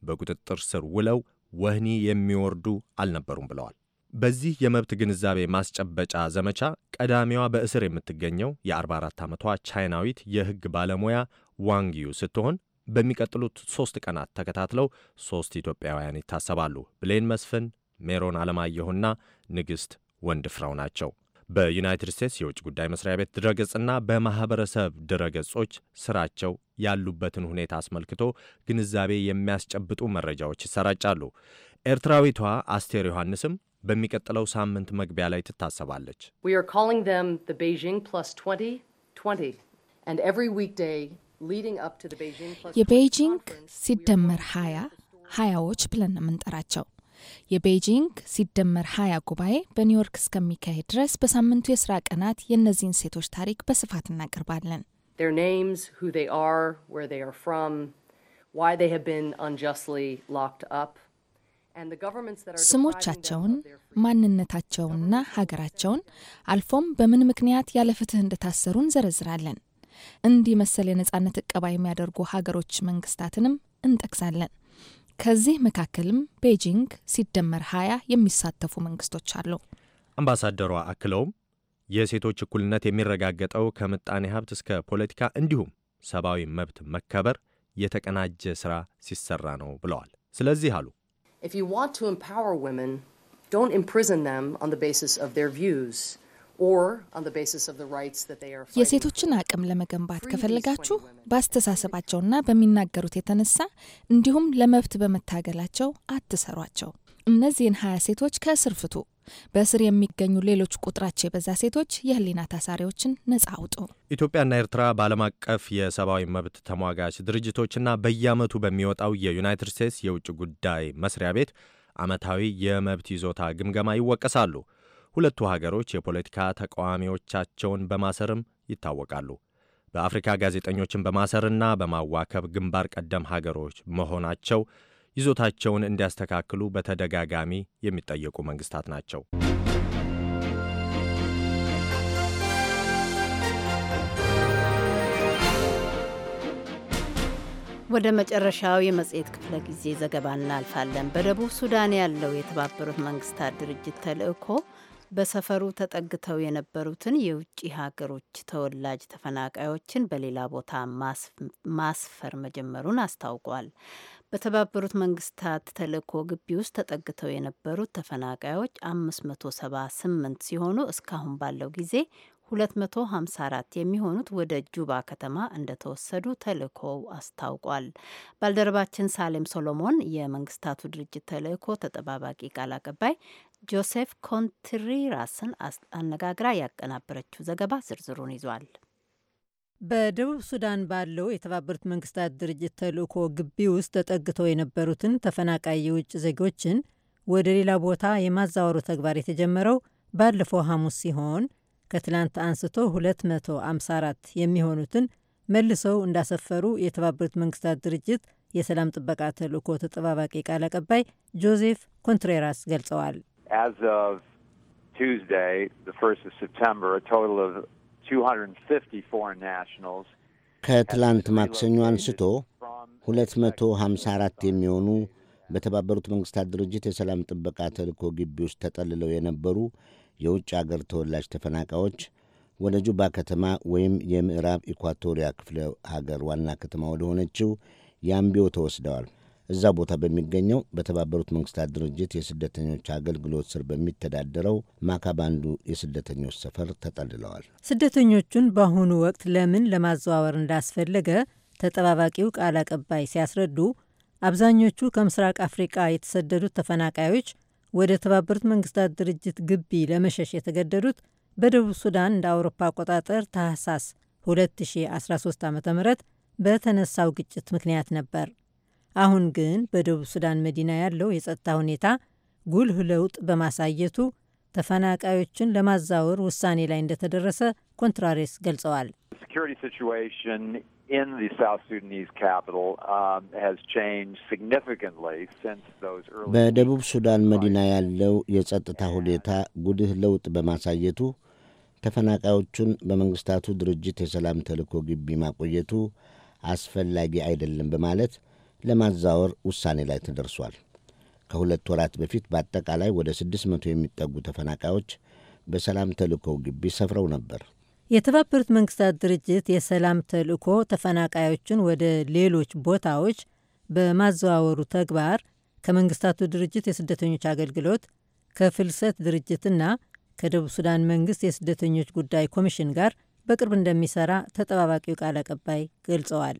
በቁጥጥር ስር ውለው ወህኒ የሚወርዱ አልነበሩም ብለዋል። በዚህ የመብት ግንዛቤ ማስጨበጫ ዘመቻ ቀዳሚዋ በእስር የምትገኘው የ44 ዓመቷ ቻይናዊት የሕግ ባለሙያ ዋንግዩ ስትሆን በሚቀጥሉት ሦስት ቀናት ተከታትለው ሦስት ኢትዮጵያውያን ይታሰባሉ። ብሌን መስፍን፣ ሜሮን አለማየሁና ንግሥት ወንድፍራው ናቸው። በዩናይትድ ስቴትስ የውጭ ጉዳይ መስሪያ ቤት ድረገጽና በማኅበረሰብ ድረገጾች ሥራቸው ያሉበትን ሁኔታ አስመልክቶ ግንዛቤ የሚያስጨብጡ መረጃዎች ይሰራጫሉ። ኤርትራዊቷ አስቴር ዮሐንስም በሚቀጥለው ሳምንት መግቢያ ላይ ትታሰባለች። የቤይጂንግ ሲደመር ሀያ ሀያዎች ብለን ነው የምንጠራቸው። የቤይጂንግ ሲደመር ሀያ ጉባኤ በኒውዮርክ እስከሚካሄድ ድረስ በሳምንቱ የስራ ቀናት የእነዚህን ሴቶች ታሪክ በስፋት እናቀርባለን። ር ስሞቻቸውን ማንነታቸውንና ሀገራቸውን አልፎም በምን ምክንያት ያለ ፍትህ እንደታሰሩ እንዘረዝራለን። እንዲህ መሰል የነጻነት እቀባ የሚያደርጉ ሀገሮች መንግስታትንም እንጠቅሳለን። ከዚህ መካከልም ቤጂንግ ሲደመር ሀያ የሚሳተፉ መንግስቶች አሉ። አምባሳደሯ አክለውም የሴቶች እኩልነት የሚረጋገጠው ከምጣኔ ሀብት እስከ ፖለቲካ እንዲሁም ሰብአዊ መብት መከበር የተቀናጀ ስራ ሲሰራ ነው ብለዋል። ስለዚህ አሉ If you want to empower women, don't imprison them on the basis of their views. የሴቶችን አቅም ለመገንባት ከፈለጋችሁ በአስተሳሰባቸውና በሚናገሩት የተነሳ እንዲሁም ለመብት በመታገላቸው አትሰሯቸው። እነዚህን ሀያ ሴቶች ከእስር ፍቱ። በእስር የሚገኙ ሌሎች ቁጥራቸው የበዛ ሴቶች የህሊና ታሳሪዎችን ነጻ አውጡ። ኢትዮጵያና ኤርትራ በዓለም አቀፍ የሰብአዊ መብት ተሟጋች ድርጅቶችና በየዓመቱ በሚወጣው የዩናይትድ ስቴትስ የውጭ ጉዳይ መስሪያ ቤት ዓመታዊ የመብት ይዞታ ግምገማ ይወቀሳሉ። ሁለቱ ሀገሮች የፖለቲካ ተቃዋሚዎቻቸውን በማሰርም ይታወቃሉ። በአፍሪካ ጋዜጠኞችን በማሰርና በማዋከብ ግንባር ቀደም ሀገሮች መሆናቸው ይዞታቸውን እንዲያስተካክሉ በተደጋጋሚ የሚጠየቁ መንግስታት ናቸው። ወደ መጨረሻው የመጽሔት ክፍለ ጊዜ ዘገባ እናልፋለን። በደቡብ ሱዳን ያለው የተባበሩት መንግስታት ድርጅት ተልእኮ በሰፈሩ ተጠግተው የነበሩትን የውጭ ሀገሮች ተወላጅ ተፈናቃዮችን በሌላ ቦታ ማስፈር መጀመሩን አስታውቋል። በተባበሩት መንግስታት ተልእኮ ግቢ ውስጥ ተጠግተው የነበሩት ተፈናቃዮች 578 ሲሆኑ እስካሁን ባለው ጊዜ 254 የሚሆኑት ወደ ጁባ ከተማ እንደተወሰዱ ተልእኮው አስታውቋል። ባልደረባችን ሳሌም ሶሎሞን የመንግስታቱ ድርጅት ተልእኮ ተጠባባቂ ቃል አቀባይ ጆሴፍ ኮንትሪራስን አነጋግራ ያቀናበረችው ዘገባ ዝርዝሩን ይዟል። በደቡብ ሱዳን ባለው የተባበሩት መንግስታት ድርጅት ተልእኮ ግቢ ውስጥ ተጠግተው የነበሩትን ተፈናቃይ የውጭ ዜጎችን ወደ ሌላ ቦታ የማዛወሩ ተግባር የተጀመረው ባለፈው ሐሙስ ሲሆን ከትላንት አንስቶ 254 የሚሆኑትን መልሰው እንዳሰፈሩ የተባበሩት መንግስታት ድርጅት የሰላም ጥበቃ ተልእኮ ተጠባባቂ ቃል አቀባይ ጆዜፍ ኮንትሬራስ ገልጸዋል። ከትላንት ማክሰኞ አንስቶ 254 የሚሆኑ በተባበሩት መንግሥታት ድርጅት የሰላም ጥበቃ ተልእኮ ግቢ ውስጥ ተጠልለው የነበሩ የውጭ አገር ተወላጅ ተፈናቃዮች ወደ ጁባ ከተማ ወይም የምዕራብ ኢኳቶሪያ ክፍለ ሀገር ዋና ከተማ ወደ ሆነችው ያምቢዮ ተወስደዋል። እዛ ቦታ በሚገኘው በተባበሩት መንግስታት ድርጅት የስደተኞች አገልግሎት ስር በሚተዳደረው ማካባንዱ የስደተኞች ሰፈር ተጠልለዋል። ስደተኞቹን በአሁኑ ወቅት ለምን ለማዘዋወር እንዳስፈለገ ተጠባባቂው ቃል አቀባይ ሲያስረዱ አብዛኞቹ ከምስራቅ አፍሪቃ የተሰደዱት ተፈናቃዮች ወደ ተባበሩት መንግስታት ድርጅት ግቢ ለመሸሽ የተገደዱት በደቡብ ሱዳን እንደ አውሮፓ አቆጣጠር ታህሳስ 2013 ዓ ም በተነሳው ግጭት ምክንያት ነበር። አሁን ግን በደቡብ ሱዳን መዲና ያለው የጸጥታ ሁኔታ ጉልህ ለውጥ በማሳየቱ ተፈናቃዮችን ለማዛወር ውሳኔ ላይ እንደተደረሰ ኮንትራሬስ ገልጸዋል። um, በደቡብ ሱዳን መዲና ያለው የጸጥታ ሁኔታ ጉልህ ለውጥ በማሳየቱ ተፈናቃዮቹን በመንግስታቱ ድርጅት የሰላም ተልዕኮ ግቢ ማቆየቱ አስፈላጊ አይደለም በማለት ለማዛወር ውሳኔ ላይ ተደርሷል። ከሁለት ወራት በፊት በአጠቃላይ ወደ 600 የሚጠጉ ተፈናቃዮች በሰላም ተልእኮው ግቢ ሰፍረው ነበር። የተባበሩት መንግስታት ድርጅት የሰላም ተልእኮ ተፈናቃዮችን ወደ ሌሎች ቦታዎች በማዘዋወሩ ተግባር ከመንግስታቱ ድርጅት የስደተኞች አገልግሎት ከፍልሰት ድርጅትና ከደቡብ ሱዳን መንግስት የስደተኞች ጉዳይ ኮሚሽን ጋር በቅርብ እንደሚሰራ ተጠባባቂው ቃል አቀባይ ገልጸዋል።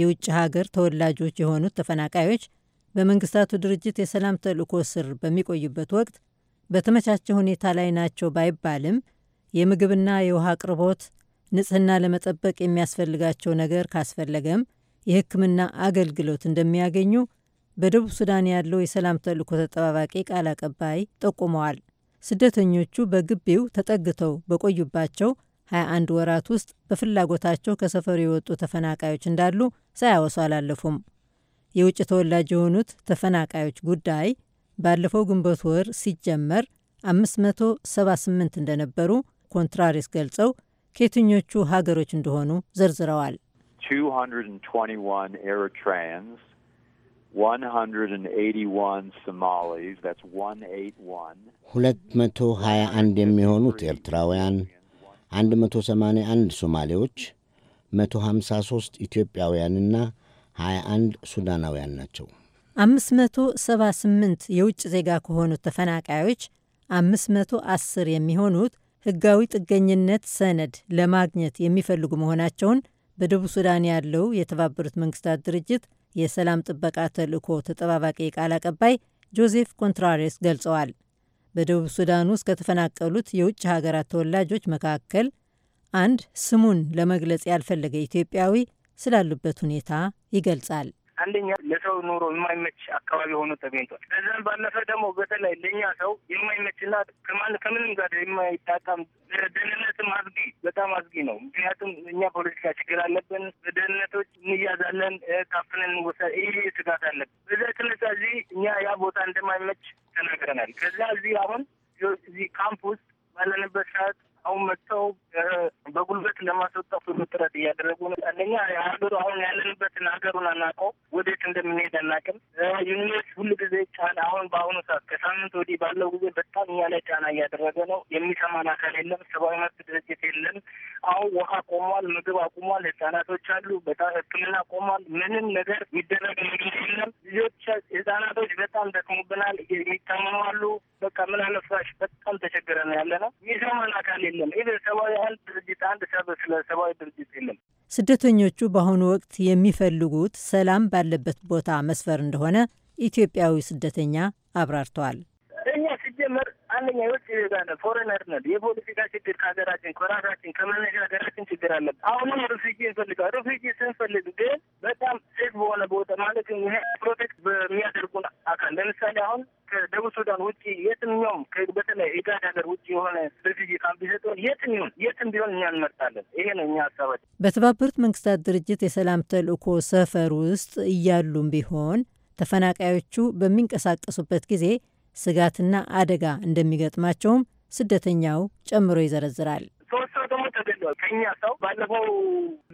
የውጭ ሀገር ተወላጆች የሆኑት ተፈናቃዮች በመንግስታቱ ድርጅት የሰላም ተልእኮ ስር በሚቆዩበት ወቅት በተመቻቸ ሁኔታ ላይ ናቸው ባይባልም የምግብና የውሃ አቅርቦት፣ ንጽህና ለመጠበቅ የሚያስፈልጋቸው ነገር ካስፈለገም የሕክምና አገልግሎት እንደሚያገኙ በደቡብ ሱዳን ያለው የሰላም ተልእኮ ተጠባባቂ ቃል አቀባይ ጠቁመዋል። ስደተኞቹ በግቢው ተጠግተው በቆዩባቸው 21 ወራት ውስጥ በፍላጎታቸው ከሰፈሩ የወጡ ተፈናቃዮች እንዳሉ ሳያወሱ አላለፉም። የውጭ ተወላጅ የሆኑት ተፈናቃዮች ጉዳይ ባለፈው ግንቦት ወር ሲጀመር 578 እንደነበሩ ኮንትራሬስ ገልጸው ከየትኞቹ ሀገሮች እንደሆኑ ዘርዝረዋል። 221 2 181 221 የሚሆኑት ኤርትራውያን 181 ሶማሌዎች፣ 153 ኢትዮጵያውያንና 21 ሱዳናውያን ናቸው። 578 የውጭ ዜጋ ከሆኑት ተፈናቃዮች 510 የሚሆኑት ሕጋዊ ጥገኝነት ሰነድ ለማግኘት የሚፈልጉ መሆናቸውን በደቡብ ሱዳን ያለው የተባበሩት መንግስታት ድርጅት የሰላም ጥበቃ ተልእኮ ተጠባባቂ ቃል አቀባይ ጆዜፍ ኮንትራሬስ ገልጸዋል። በደቡብ ሱዳን ውስጥ ከተፈናቀሉት የውጭ ሀገራት ተወላጆች መካከል አንድ ስሙን ለመግለጽ ያልፈለገ ኢትዮጵያዊ ስላሉበት ሁኔታ ይገልጻል። አንደኛ ለሰው ኑሮ የማይመች አካባቢ ሆኖ ተገኝቷል። ከዛም ባለፈ ደግሞ በተለይ ለእኛ ሰው የማይመችና ከማን ከምንም ጋር የማይጣጣም ደህንነትም አስጊ በጣም አስጊ ነው። ምክንያቱም እኛ ፖለቲካ ችግር አለብን፣ በደህንነቶች እንያዛለን፣ ካፍነን እንወሰድ። ይህ ስጋት አለብን። በዛ የተነሳ እዚህ እኛ ያ ቦታ እንደማይመች ተናግረናል። ከዛ እዚህ አሁን እዚህ ካምፕ ውስጥ ባለንበት ሰዓት አሁን መጥተው በጉልበት ለማስወጣት ሁሉ ጥረት እያደረጉ ነው። አንደኛ ሀገሩ አሁን ያለንበትን ሀገሩን አናውቀው፣ ወዴት እንደምንሄድ አናውቅም። ዩኒቨርስ ሁሉ ጊዜ ጫና አሁን በአሁኑ ሰዓት ከሳምንት ወዲህ ባለው ጊዜ በጣም እኛ ላይ ጫና እያደረገ ነው። የሚሰማን አካል የለም። ሰብአዊ መብት ድርጅት የለም። አሁን ውሃ ቆሟል፣ ምግብ አቁሟል፣ ህጻናቶች አሉ፣ በጣም ህክምና ቆሟል። ምንም ነገር የሚደረግ ነገር የለም። ልጆች ህጻናቶች በጣም ደክሙብናል፣ የሚታመኑ አሉ። በቃ ምን አለ ፍራሽ በጣም ተቸግረን ያለ ነው። የሚሰማን አካል የለም። ይህ ሰብአዊ ያህል ድርጅት አንድ ሰብ ስለ ሰብአዊ ድርጅት የለም። ስደተኞቹ በአሁኑ ወቅት የሚፈልጉት ሰላም ባለበት ቦታ መስፈር እንደሆነ ኢትዮጵያዊ ስደተኛ አብራርተዋል። ሲጀመር አንደኛ የውጭ ዜጋ ነን፣ ፎሬነር ነን። የፖለቲካ ችግር ከሀገራችን ከራሳችን ከመነሻ ሀገራችን ችግር አለ። አሁንም ሩፊጂ እንፈልጋል። ሩፊጂ ስንፈልግ ግን በጣም ሴፍ በሆነ ቦታ ማለት ይሄ ፕሮቴክት በሚያደርጉን አካል ለምሳሌ አሁን ከደቡብ ሱዳን ውጭ የትኛውም በተለይ ኢጋድ ሀገር ውጭ የሆነ ሪፊጂ ካምፕ ቢሰጠን የትኛውም የትም ቢሆን እኛ እንመርጣለን። ይሄ ነው እኛ ሀሳባችን። በተባበሩት መንግስታት ድርጅት የሰላም ተልእኮ ሰፈር ውስጥ እያሉም ቢሆን ተፈናቃዮቹ በሚንቀሳቀሱበት ጊዜ ስጋትና አደጋ እንደሚገጥማቸውም ስደተኛው ጨምሮ ይዘረዝራል። ሶስት ሰው ደግሞ ተገድለዋል። ከኛ ሰው ባለፈው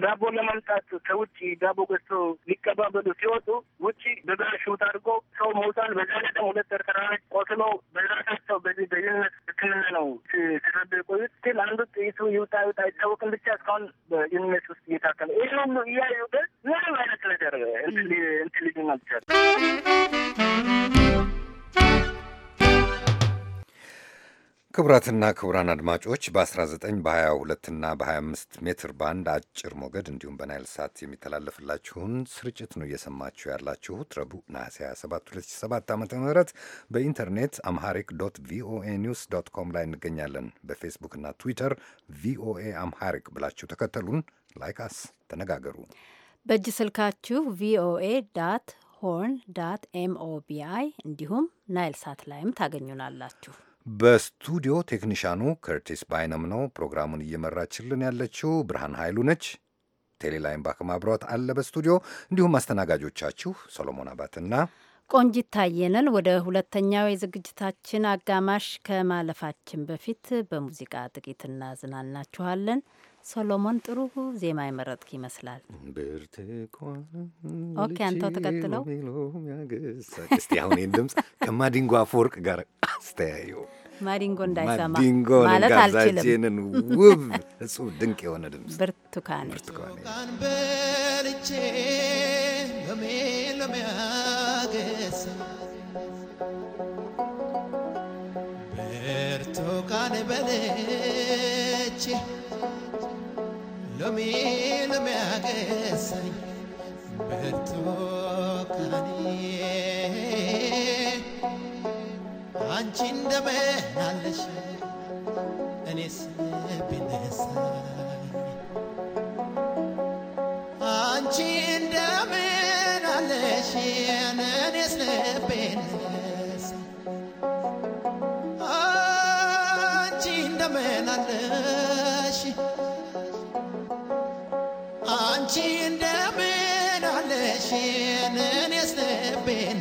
ዳቦ ለማምጣት ከውጭ ዳቦ ገዝቶ ሊቀባበሉ ሲወጡ ውጭ በጋራ ሽውት አድርጎ ሰው መውጣል። በዛ ላይ ደግሞ ሁለት ኤርትራውያን ቆስለው በራሳቸው በዚህ በጀነት ሕክምና ነው ሲረዱ የቆዩት። ስል አንዱ ጥይቱ ይውጣ ይውጣ አይታወቅም። ብቻ እስካሁን በጀነት ውስጥ እየታከመ ይህ ሁሉ እያዩ ግን ምንም አይነት ነገር እንትልጅና ብቻ ክቡራትና ክቡራን አድማጮች በ19 በ22 እና በ25 ሜትር ባንድ አጭር ሞገድ እንዲሁም በናይል ሳት የሚተላለፍላችሁን ስርጭት ነው እየሰማችሁ ያላችሁት። ረቡዕ ነሐሴ 27 2007 ዓ ም በኢንተርኔት አምሃሪክ ዶት ቪኦኤ ኒውስ ዶት ኮም ላይ እንገኛለን። በፌስቡክ እና ትዊተር ቪኦኤ አምሃሪክ ብላችሁ ተከተሉን፣ ላይካስ ተነጋገሩ። በእጅ ስልካችሁ ቪኦኤ ዳት ሆርን ዳት ኤምኦቢአይ እንዲሁም ናይል ሳት ላይም ታገኙናላችሁ። በስቱዲዮ ቴክኒሻኑ ከርቲስ ባይነም ነው። ፕሮግራሙን እየመራችልን ያለችው ብርሃን ኃይሉ ነች። ቴሌላይም ባክም አብሯት አለ በስቱዲዮ እንዲሁም አስተናጋጆቻችሁ ሰሎሞን አባትና ቆንጂት ታየነን። ወደ ሁለተኛው የዝግጅታችን አጋማሽ ከማለፋችን በፊት በሙዚቃ ጥቂት እናዝናናችኋለን። ሶሎሞን ጥሩ ዜማ የመረጥክ ይመስላል። ኦኬ፣ አንተው ተቀጥለው እስቲ አሁን ይህን ድምፅ ከማዲንጎ አፈወርቅ ጋር አስተያዩ። ማዲንጎ እንዳይሰማ ማለት አልችልም። ውብ እጹብ ድንቅ የሆነ ድምፅ ብርቱካን ብርቱካን በልቼ ለሜ ለሚያገሳ ብርቱካን በልቼ ሮሚን ሚያገሳኝ ብርቱካኔ አንቺ እንደምን አለሽ እኔስ ብነሳኝ አንቺ እንደምን አለሽ እኔስ ልቤን አንቺ እንደምን አለሽን እኔስ ልቤን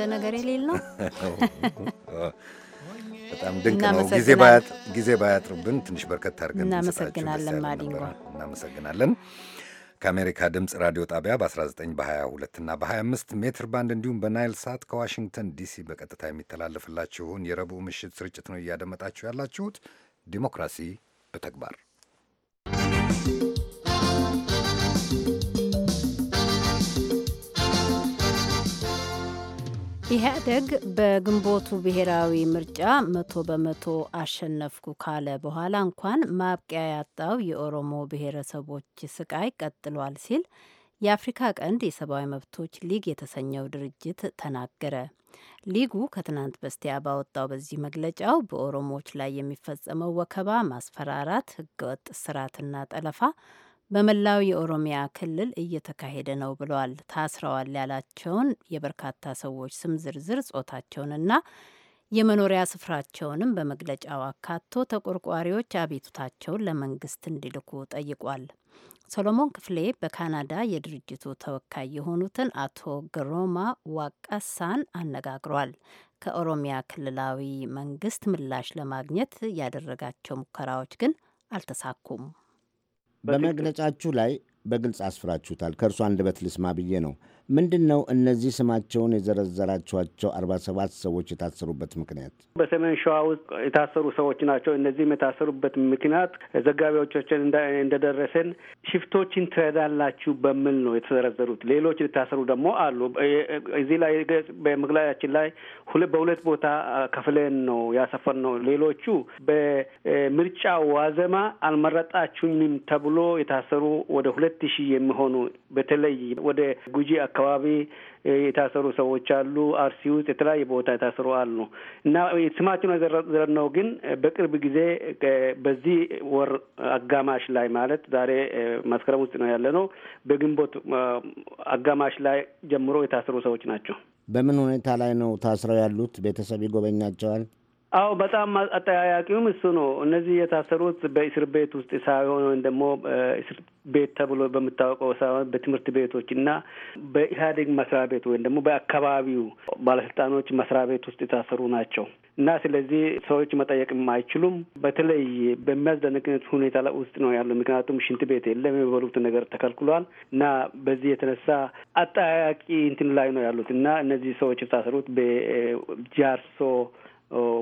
የከበደ ነገር የሌል ነው። በጣም ድንቅ ነው። ጊዜ ባያጥርብን ትንሽ በርከት አድርገን እናመሰግናለን። ማዲንጎ እናመሰግናለን። ከአሜሪካ ድምፅ ራዲዮ ጣቢያ በ19 በ22 እና በ25 ሜትር ባንድ እንዲሁም በናይል ሳት ከዋሽንግተን ዲሲ በቀጥታ የሚተላለፍላችሁን የረቡዕ ምሽት ስርጭት ነው እያደመጣችሁ ያላችሁት። ዲሞክራሲ በተግባር ኢህአደግ በግንቦቱ ብሔራዊ ምርጫ መቶ በመቶ አሸነፍኩ ካለ በኋላ እንኳን ማብቂያ ያጣው የኦሮሞ ብሔረሰቦች ስቃይ ቀጥሏል ሲል የአፍሪካ ቀንድ የሰብአዊ መብቶች ሊግ የተሰኘው ድርጅት ተናገረ። ሊጉ ከትናንት በስቲያ ባወጣው በዚህ መግለጫው በኦሮሞዎች ላይ የሚፈጸመው ወከባ፣ ማስፈራራት፣ ህገወጥ እስራትና ጠለፋ በመላው የኦሮሚያ ክልል እየተካሄደ ነው ብለዋል። ታስረዋል ያላቸውን የበርካታ ሰዎች ስም ዝርዝር፣ ጾታቸውንና የመኖሪያ ስፍራቸውንም በመግለጫው አካቶ ተቆርቋሪዎች አቤቱታቸውን ለመንግስት እንዲልኩ ጠይቋል። ሰሎሞን ክፍሌ በካናዳ የድርጅቱ ተወካይ የሆኑትን አቶ ግሮማ ዋቀሳን አነጋግሯል። ከኦሮሚያ ክልላዊ መንግስት ምላሽ ለማግኘት ያደረጋቸው ሙከራዎች ግን አልተሳኩም። በመግለጫችሁ ላይ በግልጽ አስፍራችሁታል። ከእርሱ አንደበት ልስማ ብዬ ነው። ምንድን ነው እነዚህ ስማቸውን የዘረዘራችኋቸው ሰባት ሰዎች የታሰሩበት ምክንያት? በሰሜን ሸዋ ውስጥ የታሰሩ ሰዎች ናቸው። እነዚህም የታሰሩበት ምክንያት ዘጋቢዎቻችን እንደደረሰን ሽፍቶችን ትረዳላችሁ በሚል ነው የተዘረዘሩት። ሌሎች የታሰሩ ደግሞ አሉ። እዚህ ላይ በመግለጫችን ላይ በሁለት ቦታ ከፍለን ነው ያሰፈር ነው። ሌሎቹ በምርጫ ዋዜማ አልመረጣችሁኝም ተብሎ የታሰሩ ወደ ሁለት ሺህ የሚሆኑ በተለይ ወደ ጉጂ አካባቢ አካባቢ የታሰሩ ሰዎች አሉ። አርሲ ውስጥ የተለያየ ቦታ የታሰሩ አሉ እና ስማቸውን የዘረዝረነው ግን በቅርብ ጊዜ በዚህ ወር አጋማሽ ላይ ማለት ዛሬ መስከረም ውስጥ ነው ያለ ነው። በግንቦት አጋማሽ ላይ ጀምሮ የታሰሩ ሰዎች ናቸው። በምን ሁኔታ ላይ ነው ታስረው ያሉት? ቤተሰብ ይጎበኛቸዋል? አዎ በጣም አጠያያቂውም እሱ ነው። እነዚህ የታሰሩት በእስር ቤት ውስጥ ሳይሆን ወይም ደግሞ እስር ቤት ተብሎ በምታወቀው ሳይሆን በትምህርት ቤቶች እና በኢህአዴግ መስሪያ ቤት ወይም ደግሞ በአካባቢው ባለስልጣኖች መስሪያ ቤት ውስጥ የታሰሩ ናቸው እና ስለዚህ ሰዎች መጠየቅም አይችሉም። በተለይ በሚያስደነግጥ ሁኔታ ላይ ውስጥ ነው ያሉ። ምክንያቱም ሽንት ቤት የለም፣ የሚበሉት ነገር ተከልክሏል እና በዚህ የተነሳ አጠያያቂ እንትን ላይ ነው ያሉት እና እነዚህ ሰዎች የታሰሩት በጃርሶ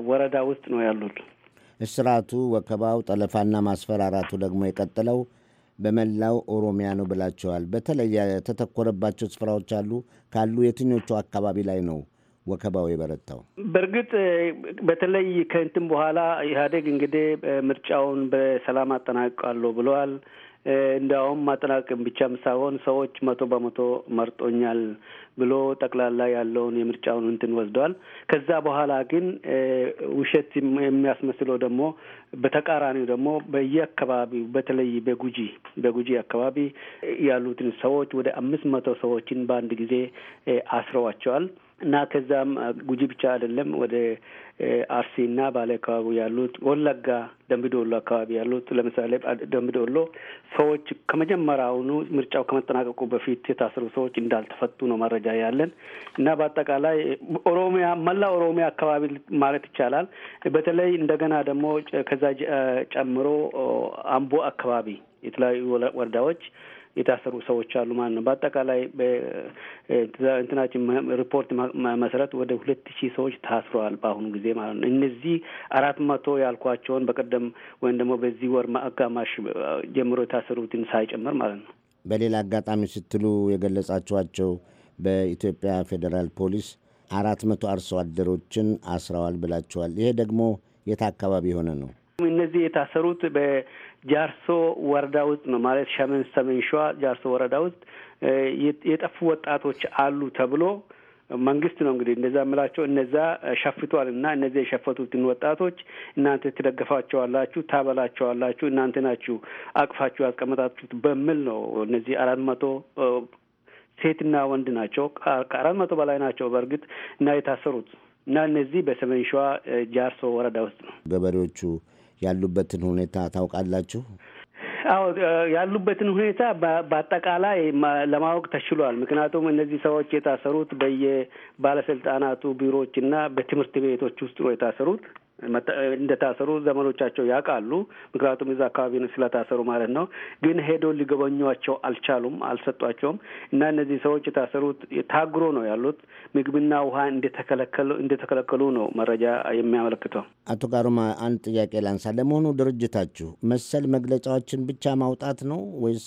ወረዳ ውስጥ ነው ያሉት። እስራቱ፣ ወከባው፣ ጠለፋና ማስፈራራቱ ደግሞ የቀጠለው በመላው ኦሮሚያ ነው ብላቸዋል። በተለይ የተተኮረባቸው ስፍራዎች አሉ ካሉ የትኞቹ አካባቢ ላይ ነው ወከባው የበረታው? በእርግጥ በተለይ ከእንትን በኋላ ኢህአዴግ እንግዲህ ምርጫውን በሰላም አጠናቅቃለሁ ብለዋል። እንዲያውም ማጠናቀም ብቻም ሳይሆን ሰዎች መቶ በመቶ መርጦኛል ብሎ ጠቅላላ ያለውን የምርጫውን እንትን ወስደዋል። ከዛ በኋላ ግን ውሸት የሚያስመስለው ደግሞ በተቃራኒው ደግሞ በየአካባቢው በተለይ በጉጂ በጉጂ አካባቢ ያሉትን ሰዎች ወደ አምስት መቶ ሰዎችን በአንድ ጊዜ አስረዋቸዋል። እና ከዛም ጉጂ ብቻ አይደለም ወደ አርሲና ባሌ አካባቢ ያሉት ወለጋ ደምቢዶሎ አካባቢ ያሉት ለምሳሌ ደምቢዶሎ ሰዎች ከመጀመሪያውኑ ምርጫው ከመጠናቀቁ በፊት የታሰሩ ሰዎች እንዳልተፈቱ ነው መረጃ ያለን እና በአጠቃላይ ኦሮሚያ መላ ኦሮሚያ አካባቢ ማለት ይቻላል። በተለይ እንደገና ደግሞ ከዛ ጨምሮ አምቦ አካባቢ የተለያዩ ወረዳዎች የታሰሩ ሰዎች አሉ ማለት ነው። በአጠቃላይ እንትናችን ሪፖርት መሰረት ወደ ሁለት ሺህ ሰዎች ታስረዋል በአሁኑ ጊዜ ማለት ነው። እነዚህ አራት መቶ ያልኳቸውን በቀደም ወይም ደግሞ በዚህ ወር አጋማሽ ጀምሮ የታሰሩትን ሳይጨምር ማለት ነው። በሌላ አጋጣሚ ስትሉ የገለጻችኋቸው በኢትዮጵያ ፌዴራል ፖሊስ አራት መቶ አርሶ አደሮችን አስረዋል ብላችኋል። ይሄ ደግሞ የት አካባቢ የሆነ ነው? እነዚህ የታሰሩት ጃርሶ ወረዳ ውስጥ ነው ማለት ሸመን ሰሜን ሸዋ ጃርሶ ወረዳ ውስጥ የጠፉ ወጣቶች አሉ ተብሎ መንግስት ነው እንግዲህ እንደዛ ምላቸው እነዛ ሸፍቷል እና እነዚያ የሸፈቱትን ወጣቶች እናንተ ትደገፋቸዋላችሁ፣ ታበላቸዋላችሁ፣ እናንተ ናችሁ አቅፋችሁ ያስቀመጣችሁት በሚል ነው እነዚህ አራት መቶ ሴትና ወንድ ናቸው። ከአራት መቶ በላይ ናቸው በእርግጥ እና የታሰሩት እና እነዚህ በሰሜን ሸዋ ጃርሶ ወረዳ ውስጥ ነው ገበሬዎቹ ያሉበትን ሁኔታ ታውቃላችሁ? አዎ ያሉበትን ሁኔታ በአጠቃላይ ለማወቅ ተችሏል። ምክንያቱም እነዚህ ሰዎች የታሰሩት በየባለስልጣናቱ ቢሮዎች እና በትምህርት ቤቶች ውስጥ ነው የታሰሩት። እንደታሰሩ ዘመኖቻቸው ያውቃሉ። ምክንያቱም እዛ አካባቢ ነው ስለታሰሩ ማለት ነው። ግን ሄዶ ሊጎበኟቸው አልቻሉም፣ አልሰጧቸውም። እና እነዚህ ሰዎች የታሰሩት ታግሮ ነው ያሉት። ምግብና ውሃ እንደተከለከሉ እንደተከለከሉ ነው መረጃ የሚያመለክተው። አቶ ጋሩማ አንድ ጥያቄ ላንሳ። ለመሆኑ ድርጅታችሁ መሰል መግለጫዎችን ብቻ ማውጣት ነው ወይስ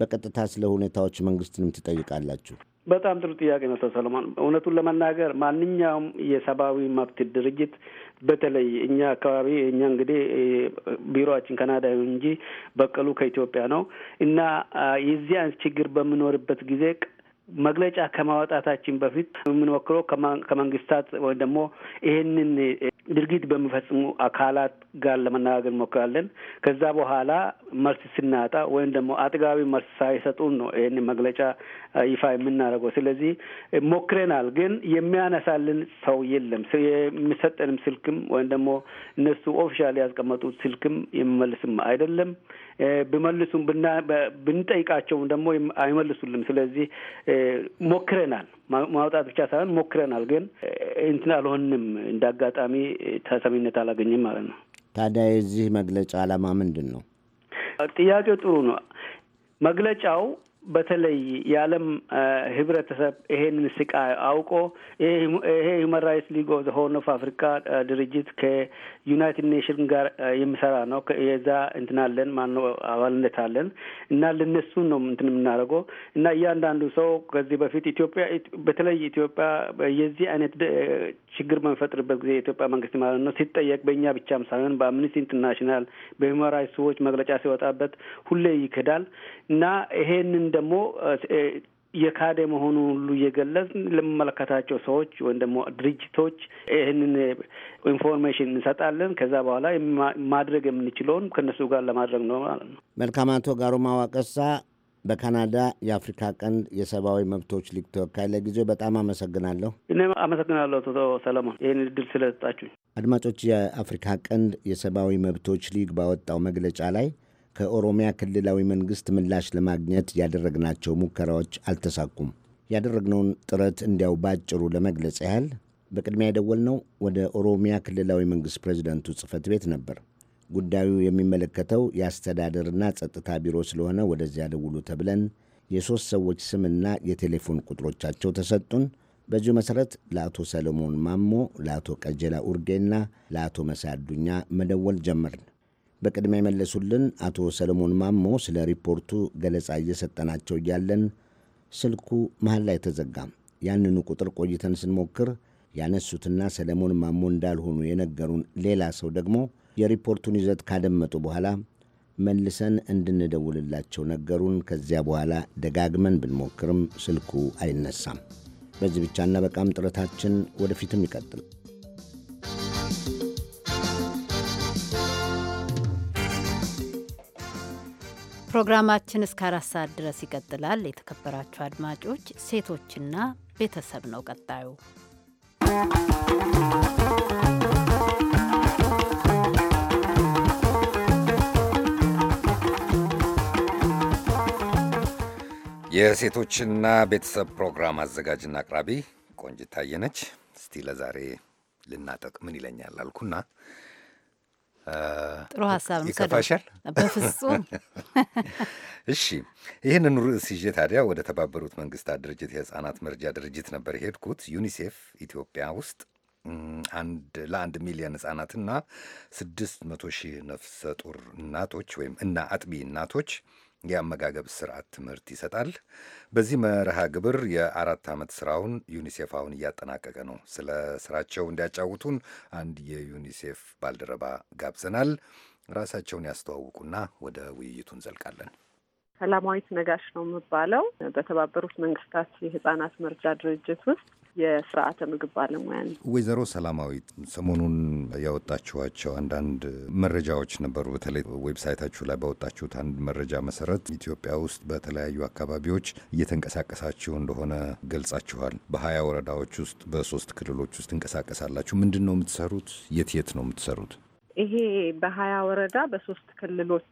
በቀጥታ ስለ ሁኔታዎች መንግስትንም ትጠይቃላችሁ? በጣም ጥሩ ጥያቄ ነው ሰለሞን። እውነቱን ለመናገር ማንኛውም የሰብአዊ መብት ድርጅት በተለይ እኛ አካባቢ እኛ እንግዲህ ቢሮችን ካናዳ እንጂ በቀሉ ከኢትዮጵያ ነው እና የዚያን ችግር በምኖርበት ጊዜ መግለጫ ከማውጣታችን በፊት የምንሞክረው ከመንግስታት ወይም ደግሞ ይህንን ድርጊት በሚፈጽሙ አካላት ጋር ለመነጋገር እንሞክራለን። ከዛ በኋላ መልስ ስናጣ ወይም ደግሞ አጥጋቢ መልስ ሳይሰጡን ነው ይህን መግለጫ ይፋ የምናደርገው። ስለዚህ ሞክረናል፣ ግን የሚያነሳልን ሰው የለም። የሚሰጠንም ስልክም ወይም ደግሞ እነሱ ኦፊሻል ያስቀመጡት ስልክም የሚመልስም አይደለም። ብመልሱም ብንጠይቃቸውም ደግሞ አይመልሱልም። ስለዚህ ሞክረናል ማውጣት ብቻ ሳይሆን ሞክረናል፣ ግን እንትን አልሆንም። እንደ አጋጣሚ ተሰሚነት አላገኝም ማለት ነው። ታዲያ የዚህ መግለጫ ዓላማ ምንድን ነው? ጥያቄው ጥሩ ነው። መግለጫው በተለይ የዓለም ህብረተሰብ ይሄንን ስቃይ አውቆ ይሄ ሁማን ራይትስ ሊግ ኦፍ ሆርን ኦፍ አፍሪካ ድርጅት ከዩናይትድ ኔሽን ጋር የሚሰራ ነው። የዛ እንትን አለን ማነው አባልነት አለን እና ልነሱን ነው እንትን የምናደርገው እና እያንዳንዱ ሰው ከዚህ በፊት ኢትዮጵያ በተለይ ኢትዮጵያ የዚህ አይነት ችግር በሚፈጥርበት ጊዜ የኢትዮጵያ መንግስት ማለት ነው ሲጠየቅ በእኛ ብቻም ሳይሆን በአምኒስቲ ኢንተርናሽናል በሁማን ራይትስ ሰዎች መግለጫ ሲወጣበት ሁሌ ይክዳል። እና ይሄንን ደግሞ የካደ መሆኑን ሁሉ እየገለጽ ለሚመለከታቸው ሰዎች ወይም ደግሞ ድርጅቶች ይህንን ኢንፎርሜሽን እንሰጣለን። ከዛ በኋላ ማድረግ የምንችለውን ከእነሱ ጋር ለማድረግ ነው ማለት ነው። መልካም። አቶ ጋሩማ ዋቀሳ በካናዳ የአፍሪካ ቀንድ የሰብአዊ መብቶች ሊግ ተወካይ፣ ለጊዜው በጣም አመሰግናለሁ። እኔ አመሰግናለሁ አቶ ሰለሞን ይህን እድል ስለሰጣችሁኝ። አድማጮች፣ የአፍሪካ ቀንድ የሰብአዊ መብቶች ሊግ ባወጣው መግለጫ ላይ ከኦሮሚያ ክልላዊ መንግሥት ምላሽ ለማግኘት ያደረግናቸው ሙከራዎች አልተሳኩም። ያደረግነውን ጥረት እንዲያው ባጭሩ ለመግለጽ ያህል በቅድሚያ የደወልነው ወደ ኦሮሚያ ክልላዊ መንግሥት ፕሬዚደንቱ ጽህፈት ቤት ነበር። ጉዳዩ የሚመለከተው የአስተዳደርና ጸጥታ ቢሮ ስለሆነ ወደዚያ ደውሉ ተብለን የሦስት ሰዎች ስምና የቴሌፎን ቁጥሮቻቸው ተሰጡን። በዚሁ መሠረት ለአቶ ሰለሞን ማሞ፣ ለአቶ ቀጀላ ኡርጌና ለአቶ ዱኛ መደወል ጀመርን። በቅድሚያ የመለሱልን አቶ ሰለሞን ማሞ ስለ ሪፖርቱ ገለጻ እየሰጠናቸው እያለን ስልኩ መሀል ላይ ተዘጋ። ያንኑ ቁጥር ቆይተን ስንሞክር ያነሱትና ሰለሞን ማሞ እንዳልሆኑ የነገሩን ሌላ ሰው ደግሞ የሪፖርቱን ይዘት ካደመጡ በኋላ መልሰን እንድንደውልላቸው ነገሩን። ከዚያ በኋላ ደጋግመን ብንሞክርም ስልኩ አይነሳም። በዚህ ብቻና በቃም ጥረታችን ወደፊትም ይቀጥል። ፕሮግራማችን እስከ አራት ሰዓት ድረስ ይቀጥላል። የተከበራችሁ አድማጮች፣ ሴቶችና ቤተሰብ ነው ቀጣዩ። የሴቶችና ቤተሰብ ፕሮግራም አዘጋጅና አቅራቢ ቆንጅት ታየነች። እስቲ ለዛሬ ልናጠቅ ምን ይለኛል አልኩና ጥሩ ሀሳብ ነው። ይከፋሻል? በፍጹም። እሺ፣ ይህንን ርዕስ ይዤ ታዲያ ወደ ተባበሩት መንግስታት ድርጅት የህፃናት መርጃ ድርጅት ነበር የሄድኩት። ዩኒሴፍ ኢትዮጵያ ውስጥ ለአንድ ሚሊዮን ህጻናትና ስድስት መቶ ሺህ ነፍሰ ጡር እናቶች ወይም እና አጥቢ እናቶች የአመጋገብ ስርዓት ትምህርት ይሰጣል። በዚህ መርሃ ግብር የአራት ዓመት ስራውን ዩኒሴፍ አሁን እያጠናቀቀ ነው። ስለ ስራቸው እንዲያጫውቱን አንድ የዩኒሴፍ ባልደረባ ጋብዘናል። ራሳቸውን ያስተዋውቁና ወደ ውይይቱ እንዘልቃለን። ሰላማዊት ነጋሽ ነው የምባለው። በተባበሩት መንግስታት የህጻናት መርጃ ድርጅት ውስጥ የስርዓተ ምግብ ባለሙያ ነው። ወይዘሮ ሰላማዊት ሰሞኑን ያወጣችኋቸው አንዳንድ መረጃዎች ነበሩ። በተለይ ዌብሳይታችሁ ላይ ባወጣችሁት አንድ መረጃ መሰረት ኢትዮጵያ ውስጥ በተለያዩ አካባቢዎች እየተንቀሳቀሳችሁ እንደሆነ ገልጻችኋል። በሀያ ወረዳዎች ውስጥ በሶስት ክልሎች ውስጥ እንቀሳቀሳላችሁ። ምንድን ነው የምትሰሩት? የት የት ነው የምትሰሩት? ይሄ በሀያ ወረዳ በሶስት ክልሎች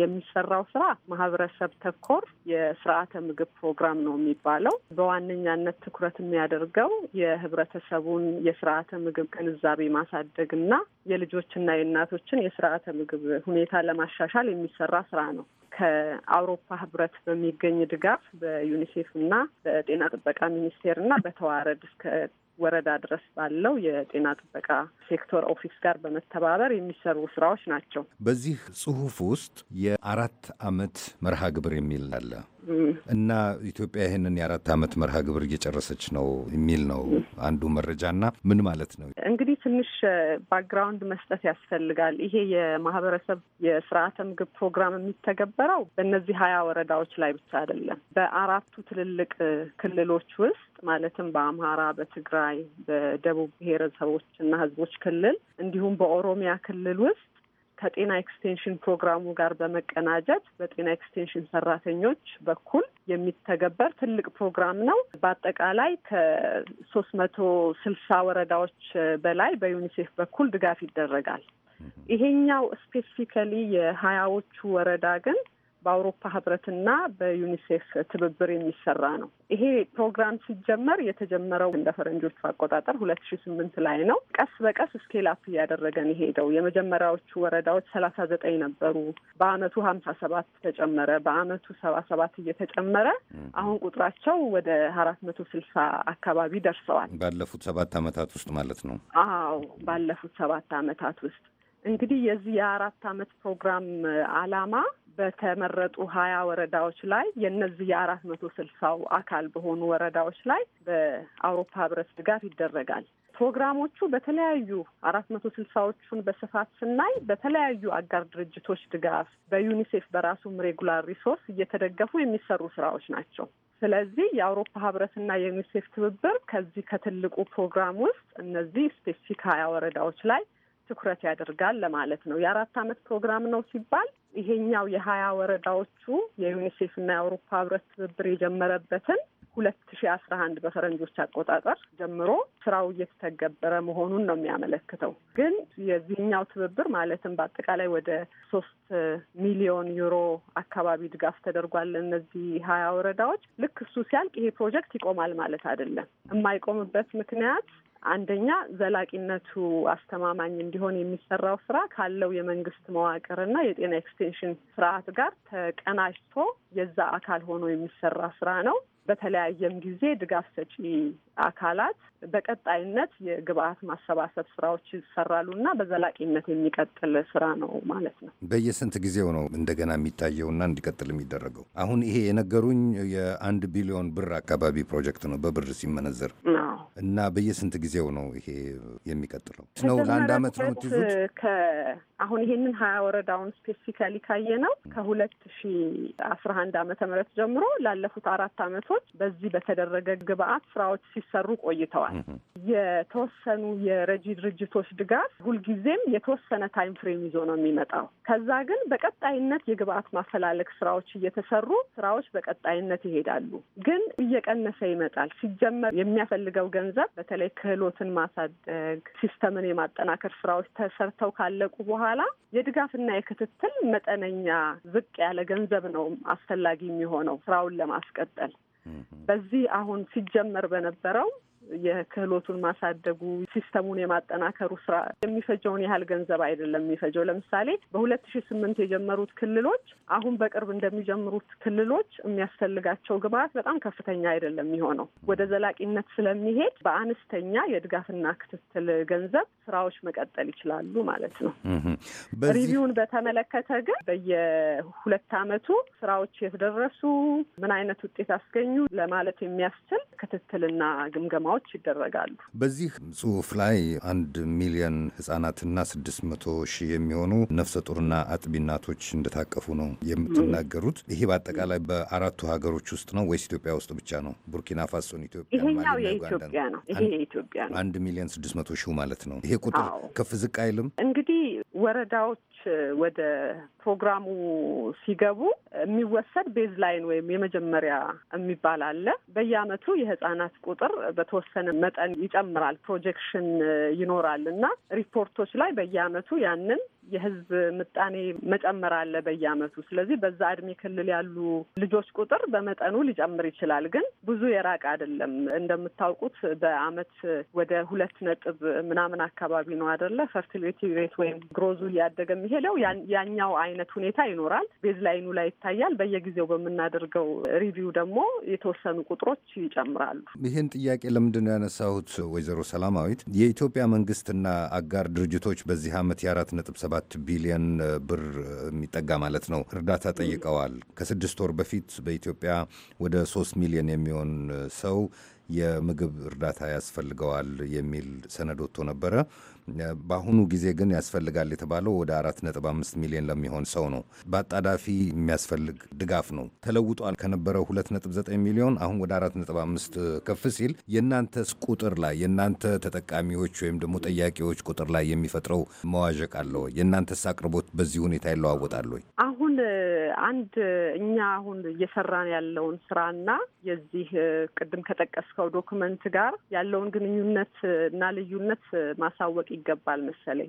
የሚሰራው ስራ ማህበረሰብ ተኮር የስርዓተ ምግብ ፕሮግራም ነው የሚባለው። በዋነኛነት ትኩረት የሚያደርገው የህብረተሰቡን የስርዓተ ምግብ ግንዛቤ ማሳደግ እና የልጆችና የእናቶችን የስርዓተ ምግብ ሁኔታ ለማሻሻል የሚሰራ ስራ ነው። ከአውሮፓ ህብረት በሚገኝ ድጋፍ በዩኒሴፍ እና በጤና ጥበቃ ሚኒስቴር እና በተዋረድ እስከ ወረዳ ድረስ ባለው የጤና ጥበቃ ሴክተር ኦፊስ ጋር በመተባበር የሚሰሩ ስራዎች ናቸው። በዚህ ጽሁፍ ውስጥ የአራት አመት መርሃ ግብር የሚል አለ። እና ኢትዮጵያ ይህንን የአራት ዓመት መርሃ ግብር እየጨረሰች ነው የሚል ነው አንዱ መረጃና ምን ማለት ነው? እንግዲህ ትንሽ ባክግራውንድ መስጠት ያስፈልጋል። ይሄ የማህበረሰብ የስርዓተ ምግብ ፕሮግራም የሚተገበረው በእነዚህ ሀያ ወረዳዎች ላይ ብቻ አይደለም። በአራቱ ትልልቅ ክልሎች ውስጥ ማለትም በአምሃራ፣ በትግራይ፣ በደቡብ ብሔረሰቦች እና ህዝቦች ክልል እንዲሁም በኦሮሚያ ክልል ውስጥ ከጤና ኤክስቴንሽን ፕሮግራሙ ጋር በመቀናጀት በጤና ኤክስቴንሽን ሰራተኞች በኩል የሚተገበር ትልቅ ፕሮግራም ነው። በአጠቃላይ ከሶስት መቶ ስልሳ ወረዳዎች በላይ በዩኒሴፍ በኩል ድጋፍ ይደረጋል። ይሄኛው ስፔሲፊካሊ የሀያዎቹ ወረዳ ግን በአውሮፓ ህብረትና በዩኒሴፍ ትብብር የሚሰራ ነው። ይሄ ፕሮግራም ሲጀመር የተጀመረው እንደ ፈረንጆቹ አቆጣጠር ሁለት ሺ ስምንት ላይ ነው። ቀስ በቀስ ስኬል አፕ እያደረገን የሄደው የመጀመሪያዎቹ ወረዳዎች ሰላሳ ዘጠኝ ነበሩ። በአመቱ ሀምሳ ሰባት ተጨመረ። በአመቱ ሰባ ሰባት እየተጨመረ አሁን ቁጥራቸው ወደ አራት መቶ ስልሳ አካባቢ ደርሰዋል። ባለፉት ሰባት አመታት ውስጥ ማለት ነው። አዎ ባለፉት ሰባት አመታት ውስጥ እንግዲህ የዚህ የአራት አመት ፕሮግራም አላማ በተመረጡ ሀያ ወረዳዎች ላይ የእነዚህ የአራት መቶ ስልሳው አካል በሆኑ ወረዳዎች ላይ በአውሮፓ ህብረት ድጋፍ ይደረጋል። ፕሮግራሞቹ በተለያዩ አራት መቶ ስልሳዎቹን በስፋት ስናይ በተለያዩ አጋር ድርጅቶች ድጋፍ በዩኒሴፍ በራሱም ሬጉላር ሪሶርስ እየተደገፉ የሚሰሩ ስራዎች ናቸው። ስለዚህ የአውሮፓ ህብረትና የዩኒሴፍ ትብብር ከዚህ ከትልቁ ፕሮግራም ውስጥ እነዚህ ስፔሲፊክ ሀያ ወረዳዎች ላይ ትኩረት ያደርጋል ለማለት ነው። የአራት አመት ፕሮግራም ነው ሲባል ይሄኛው የሀያ ወረዳዎቹ የዩኒሴፍ እና የአውሮፓ ህብረት ትብብር የጀመረበትን ሁለት ሺ አስራ አንድ በፈረንጆች አቆጣጠር ጀምሮ ስራው እየተተገበረ መሆኑን ነው የሚያመለክተው። ግን የዚህኛው ትብብር ማለትም በአጠቃላይ ወደ ሶስት ሚሊዮን ዩሮ አካባቢ ድጋፍ ተደርጓል። እነዚህ ሀያ ወረዳዎች ልክ እሱ ሲያልቅ ይሄ ፕሮጀክት ይቆማል ማለት አይደለም። የማይቆምበት ምክንያት አንደኛ ዘላቂነቱ አስተማማኝ እንዲሆን የሚሰራው ስራ ካለው የመንግስት መዋቅር እና የጤና ኤክስቴንሽን ስርዓት ጋር ተቀናጅቶ የዛ አካል ሆኖ የሚሰራ ስራ ነው። በተለያየም ጊዜ ድጋፍ ሰጪ አካላት በቀጣይነት የግብአት ማሰባሰብ ስራዎች ይሰራሉ እና በዘላቂነት የሚቀጥል ስራ ነው ማለት ነው። በየስንት ጊዜው ነው እንደገና የሚታየውና እንዲቀጥል የሚደረገው? አሁን ይሄ የነገሩኝ የአንድ ቢሊዮን ብር አካባቢ ፕሮጀክት ነው በብር ሲመነዘር እና በየስንት ጊዜው ነው ይሄ የሚቀጥለው? ነው ለአንድ አመት ነው የምትይዙት? አሁን ይሄንን ሀያ ወረዳውን ስፔሲካሊ ካየ ነው ከሁለት ሺ አስራ አንድ አመተ ምህረት ጀምሮ ላለፉት አራት አመቶች በዚህ በተደረገ ግብአት ስራዎች ሲሰሩ ቆይተዋል። የተወሰኑ የረጂ ድርጅቶች ድጋፍ ሁልጊዜም የተወሰነ ታይም ፍሬም ይዞ ነው የሚመጣው። ከዛ ግን በቀጣይነት የግብአት ማፈላለግ ስራዎች እየተሰሩ ስራዎች በቀጣይነት ይሄዳሉ። ግን እየቀነሰ ይመጣል። ሲጀመር የሚያፈልገው ገንዘብ በተለይ ክህሎትን ማሳደግ፣ ሲስተምን የማጠናከር ስራዎች ተሰርተው ካለቁ በኋላ የድጋፍና የክትትል መጠነኛ ዝቅ ያለ ገንዘብ ነው አስፈላጊ የሚሆነው ስራውን ለማስቀጠል። በዚህ አሁን ሲጀመር በነበረው የክህሎቱን ማሳደጉ ሲስተሙን የማጠናከሩ ስራ የሚፈጀውን ያህል ገንዘብ አይደለም የሚፈጀው። ለምሳሌ በሁለት ሺ ስምንት የጀመሩት ክልሎች አሁን በቅርብ እንደሚጀምሩት ክልሎች የሚያስፈልጋቸው ግብዓት በጣም ከፍተኛ አይደለም የሚሆነው ወደ ዘላቂነት ስለሚሄድ በአነስተኛ የድጋፍና ክትትል ገንዘብ ስራዎች መቀጠል ይችላሉ ማለት ነው። ሪቪውን በተመለከተ ግን በየሁለት አመቱ ስራዎች የተደረሱ ምን አይነት ውጤት አስገኙ ለማለት የሚያስችል ክትትልና ግምገማዎች ስራዎች ይደረጋሉ። በዚህ ጽሁፍ ላይ አንድ ሚሊዮን ህጻናትና ስድስት መቶ ሺህ የሚሆኑ ነፍሰ ጡርና አጥቢ እናቶች እንደታቀፉ ነው የምትናገሩት። ይሄ በአጠቃላይ በአራቱ ሀገሮች ውስጥ ነው ወይስ ኢትዮጵያ ውስጥ ብቻ ነው? ቡርኪና ፋሶን፣ ኢትዮጵያ ይሄኛው የኢትዮጵያ ነው። ይሄ የኢትዮጵያ ነው። አንድ ሚሊዮን ስድስት መቶ ሺህ ማለት ነው። ይሄ ቁጥር ከፍ ዝቅ አይልም። እንግዲህ ወረዳዎች ወደ ፕሮግራሙ ሲገቡ የሚወሰድ ቤዝ ላይን ወይም የመጀመሪያ የሚባል አለ። በየአመቱ የህጻናት ቁጥር በተወሰነ መጠን ይጨምራል፣ ፕሮጀክሽን ይኖራል እና ሪፖርቶች ላይ በየአመቱ ያንን የህዝብ ምጣኔ መጨመር አለ በየአመቱ። ስለዚህ በዛ እድሜ ክልል ያሉ ልጆች ቁጥር በመጠኑ ሊጨምር ይችላል፣ ግን ብዙ የራቀ አይደለም። እንደምታውቁት በአመት ወደ ሁለት ነጥብ ምናምን አካባቢ ነው አደለ? ፈርቲሊቲ ሬት ወይም ግሮዙ ሊያደገ የሚሄደው ያኛው አይነት ሁኔታ ይኖራል። ቤዝ ላይኑ ላይ ይታያል። በየጊዜው በምናደርገው ሪቪው ደግሞ የተወሰኑ ቁጥሮች ይጨምራሉ። ይህን ጥያቄ ለምንድነው ነው ያነሳሁት? ወይዘሮ ሰላማዊት የኢትዮጵያ መንግስትና አጋር ድርጅቶች በዚህ አመት የአራት ነጥብ ሰባት ሰባት ቢሊዮን ብር የሚጠጋ ማለት ነው እርዳታ ጠይቀዋል። ከስድስት ወር በፊት በኢትዮጵያ ወደ ሶስት ሚሊዮን የሚሆን ሰው የምግብ እርዳታ ያስፈልገዋል የሚል ሰነድ ወጥቶ ነበረ። በአሁኑ ጊዜ ግን ያስፈልጋል የተባለው ወደ አራት አምስት ሚሊዮን ለሚሆን ሰው ነው። በአጣዳፊ የሚያስፈልግ ድጋፍ ነው። ተለውጧል ከነበረው 2.9 ሚሊዮን አሁን ወደ አምስት ከፍ ሲል የእናንተስ ቁጥር ላይ የእናንተ ተጠቃሚዎች ወይም ደግሞ ጠያቂዎች ቁጥር ላይ የሚፈጥረው መዋዠቅ አለ ወይ? የእናንተስ አቅርቦት በዚህ ሁኔታ ይለዋወጣል ወይ? አንድ እኛ አሁን እየሰራን ያለውን ስራና የዚህ ቅድም ከጠቀስከው ዶክመንት ጋር ያለውን ግንኙነት እና ልዩነት ማሳወቅ ይገባል መሰለኝ።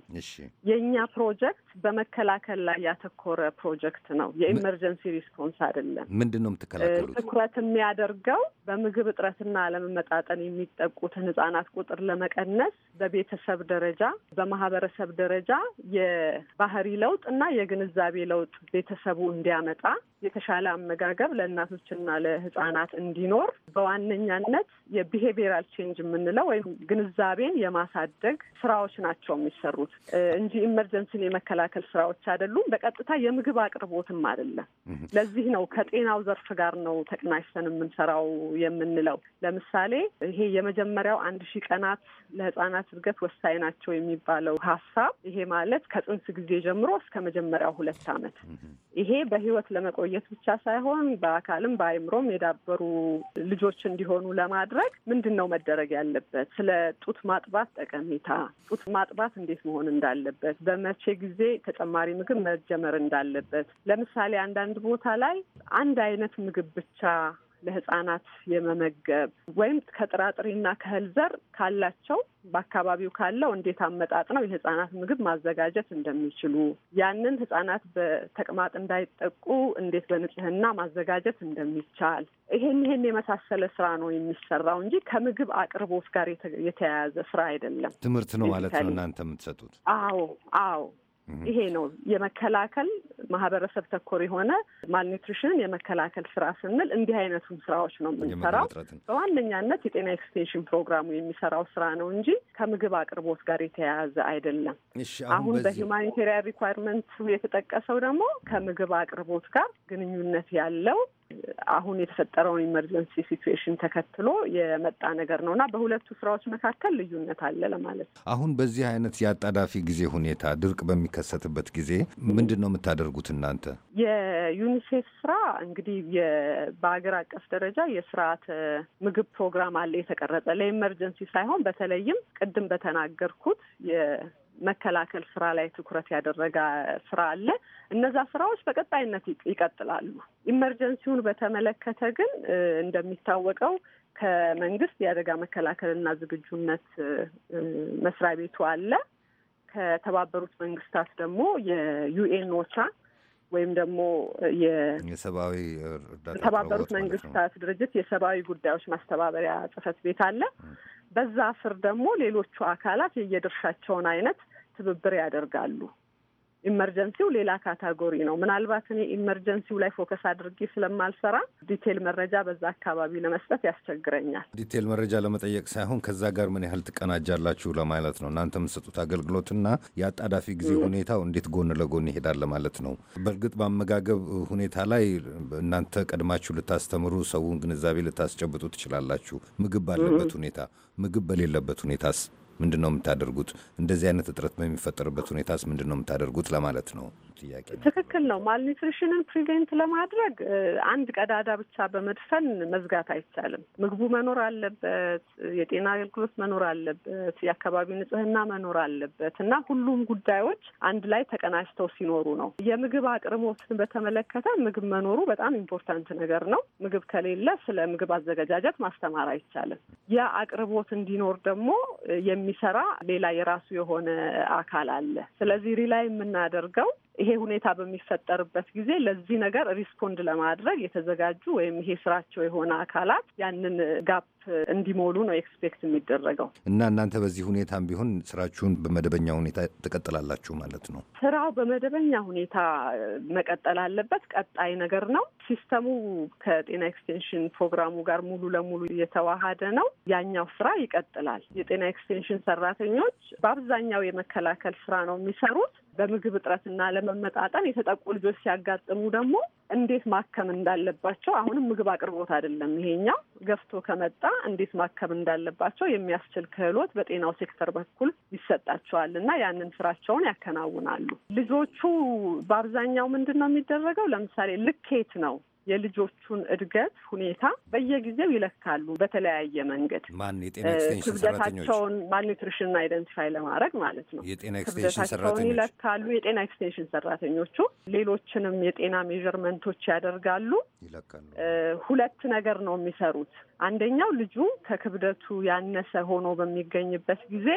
የእኛ ፕሮጀክት በመከላከል ላይ ያተኮረ ፕሮጀክት ነው። የኢመርጀንሲ ሪስፖንስ አይደለም። ምንድን ነው የምትከላከሉት? ትኩረት የሚያደርገው በምግብ እጥረትና አለመመጣጠን የሚጠቁትን ህጻናት ቁጥር ለመቀነስ በቤተሰብ ደረጃ፣ በማህበረሰብ ደረጃ የባህሪ ለውጥ እና የግንዛቤ ለውጥ ቤተሰብ ማህበረሰቡ እንዲያመጣ የተሻለ አመጋገብ ለእናቶችና ለህጻናት እንዲኖር በዋነኛነት የቢሄቪራል ቼንጅ የምንለው ወይም ግንዛቤን የማሳደግ ስራዎች ናቸው የሚሰሩት እንጂ ኢመርጀንሲን የመከላከል ስራዎች አይደሉም። በቀጥታ የምግብ አቅርቦትም አይደለም። ለዚህ ነው ከጤናው ዘርፍ ጋር ነው ተቀናጅተን የምንሰራው የምንለው። ለምሳሌ ይሄ የመጀመሪያው አንድ ሺህ ቀናት ለህጻናት እድገት ወሳኝ ናቸው የሚባለው ሀሳብ ይሄ ማለት ከጽንስ ጊዜ ጀምሮ እስከ መጀመሪያው ሁለት አመት ይሄ በህይወት ለመቆ ማቆየት ብቻ ሳይሆን በአካልም በአይምሮም የዳበሩ ልጆች እንዲሆኑ ለማድረግ ምንድን ነው መደረግ ያለበት? ስለ ጡት ማጥባት ጠቀሜታ፣ ጡት ማጥባት እንዴት መሆን እንዳለበት፣ በመቼ ጊዜ ተጨማሪ ምግብ መጀመር እንዳለበት። ለምሳሌ አንዳንድ ቦታ ላይ አንድ አይነት ምግብ ብቻ ለህጻናት የመመገብ ወይም ከጥራጥሬና ከእህል ዘር ካላቸው በአካባቢው ካለው እንዴት አመጣጥ ነው የህጻናት ምግብ ማዘጋጀት እንደሚችሉ ያንን ህጻናት በተቅማጥ እንዳይጠቁ እንዴት በንጽህና ማዘጋጀት እንደሚቻል ይሄን ይሄን የመሳሰለ ስራ ነው የሚሰራው እንጂ ከምግብ አቅርቦት ጋር የተያያዘ ስራ አይደለም። ትምህርት ነው ማለት ነው እናንተ የምትሰጡት? አዎ አዎ ይሄ ነው የመከላከል ማህበረሰብ ተኮር የሆነ ማልኒትሪሽንን የመከላከል ስራ ስንል እንዲህ አይነቱን ስራዎች ነው የምንሰራው። በዋነኛነት የጤና ኤክስቴንሽን ፕሮግራሙ የሚሰራው ስራ ነው እንጂ ከምግብ አቅርቦት ጋር የተያያዘ አይደለም። አሁን በሂውማኒቴሪያን ሪኳይርመንት የተጠቀሰው ደግሞ ከምግብ አቅርቦት ጋር ግንኙነት ያለው አሁን የተፈጠረውን ኢመርጀንሲ ሲትዌሽን ተከትሎ የመጣ ነገር ነው እና በሁለቱ ስራዎች መካከል ልዩነት አለ ለማለት ነው። አሁን በዚህ አይነት የአጣዳፊ ጊዜ ሁኔታ ድርቅ በሚከሰትበት ጊዜ ምንድን ነው የምታደርጉት እናንተ? የዩኒሴፍ ስራ እንግዲህ በሀገር አቀፍ ደረጃ የስርዓተ ምግብ ፕሮግራም አለ የተቀረጸ ለኢመርጀንሲ ሳይሆን በተለይም ቅድም በተናገርኩት መከላከል ስራ ላይ ትኩረት ያደረገ ስራ አለ። እነዛ ስራዎች በቀጣይነት ይቀጥላሉ። ኢመርጀንሲውን በተመለከተ ግን እንደሚታወቀው ከመንግስት የአደጋ መከላከልና ዝግጁነት መስሪያ ቤቱ አለ። ከተባበሩት መንግስታት ደግሞ የዩኤን ኦቻ ወይም ደግሞ የሰብአዊ መንግስታት ድርጅት የሰብአዊ ጉዳዮች ማስተባበሪያ ጽህፈት ቤት አለ። በዛ ስር ደግሞ ሌሎቹ አካላት የየድርሻቸውን አይነት ትብብር ያደርጋሉ። ኢመርጀንሲው ሌላ ካታጎሪ ነው። ምናልባት እኔ ኢመርጀንሲው ላይ ፎከስ አድርጌ ስለማልሰራ ዲቴል መረጃ በዛ አካባቢ ለመስጠት ያስቸግረኛል። ዲቴል መረጃ ለመጠየቅ ሳይሆን ከዛ ጋር ምን ያህል ትቀናጃላችሁ ለማለት ነው። እናንተ የምትሰጡት አገልግሎትና የአጣዳፊ ጊዜ ሁኔታው እንዴት ጎን ለጎን ይሄዳል ለማለት ነው። በእርግጥ በአመጋገብ ሁኔታ ላይ እናንተ ቀድማችሁ ልታስተምሩ፣ ሰውን ግንዛቤ ልታስጨብጡ ትችላላችሁ። ምግብ ባለበት ሁኔታ፣ ምግብ በሌለበት ሁኔታስ ምንድን ነው የምታደርጉት? እንደዚህ አይነት እጥረት በሚፈጠርበት ሁኔታስ ምንድን ነው የምታደርጉት ለማለት ነው። ጥያቄ ነው። ትክክል ነው። ማልኒትሪሽንን ፕሪቬንት ለማድረግ አንድ ቀዳዳ ብቻ በመድፈን መዝጋት አይቻልም። ምግቡ መኖር አለበት፣ የጤና አገልግሎት መኖር አለበት፣ የአካባቢ ንጽህና መኖር አለበት እና ሁሉም ጉዳዮች አንድ ላይ ተቀናጅተው ሲኖሩ ነው። የምግብ አቅርቦትን በተመለከተ ምግብ መኖሩ በጣም ኢምፖርታንት ነገር ነው። ምግብ ከሌለ ስለ ምግብ አዘገጃጀት ማስተማር አይቻልም። አቅርቦት እንዲኖር ደግሞ የሚሰራ ሌላ የራሱ የሆነ አካል አለ። ስለዚህ ሪላይ የምናደርገው ይሄ ሁኔታ በሚፈጠርበት ጊዜ ለዚህ ነገር ሪስፖንድ ለማድረግ የተዘጋጁ ወይም ይሄ ስራቸው የሆነ አካላት ያንን ጋፕ እንዲሞሉ ነው ኤክስፔክት የሚደረገው እና እናንተ በዚህ ሁኔታም ቢሆን ስራችሁን በመደበኛ ሁኔታ ትቀጥላላችሁ ማለት ነው። ስራው በመደበኛ ሁኔታ መቀጠል አለበት። ቀጣይ ነገር ነው። ሲስተሙ ከጤና ኤክስቴንሽን ፕሮግራሙ ጋር ሙሉ ለሙሉ እየተዋሃደ ነው። ያኛው ስራ ይቀጥላል። የጤና ኤክስቴንሽን ሰራተኞች በአብዛኛው የመከላከል ስራ ነው የሚሰሩት። በምግብ እጥረትና ለመመጣጠን የተጠቁ ልጆች ሲያጋጥሙ ደግሞ እንዴት ማከም እንዳለባቸው አሁንም ምግብ አቅርቦት አይደለም ይሄኛው ገፍቶ ከመጣ እንዴት ማከም እንዳለባቸው የሚያስችል ክህሎት በጤናው ሴክተር በኩል ይሰጣቸዋል እና ያንን ስራቸውን ያከናውናሉ። ልጆቹ በአብዛኛው ምንድን ነው የሚደረገው? ለምሳሌ ልኬት ነው የልጆቹን እድገት ሁኔታ በየጊዜው ይለካሉ። በተለያየ መንገድ ማን የጤና ኤክስቴንሽን ክብደታቸውን ማልኒትሪሽን አይደንቲፋይ ለማድረግ ማለት ነው። የጤና ኤክስቴንሽን ሰራተኞች ይለካሉ። የጤና ኤክስቴንሽን ሰራተኞቹ ሌሎችንም የጤና ሜዥርመንቶች ያደርጋሉ፣ ይለካሉ። ሁለት ነገር ነው የሚሰሩት። አንደኛው ልጁ ከክብደቱ ያነሰ ሆኖ በሚገኝበት ጊዜ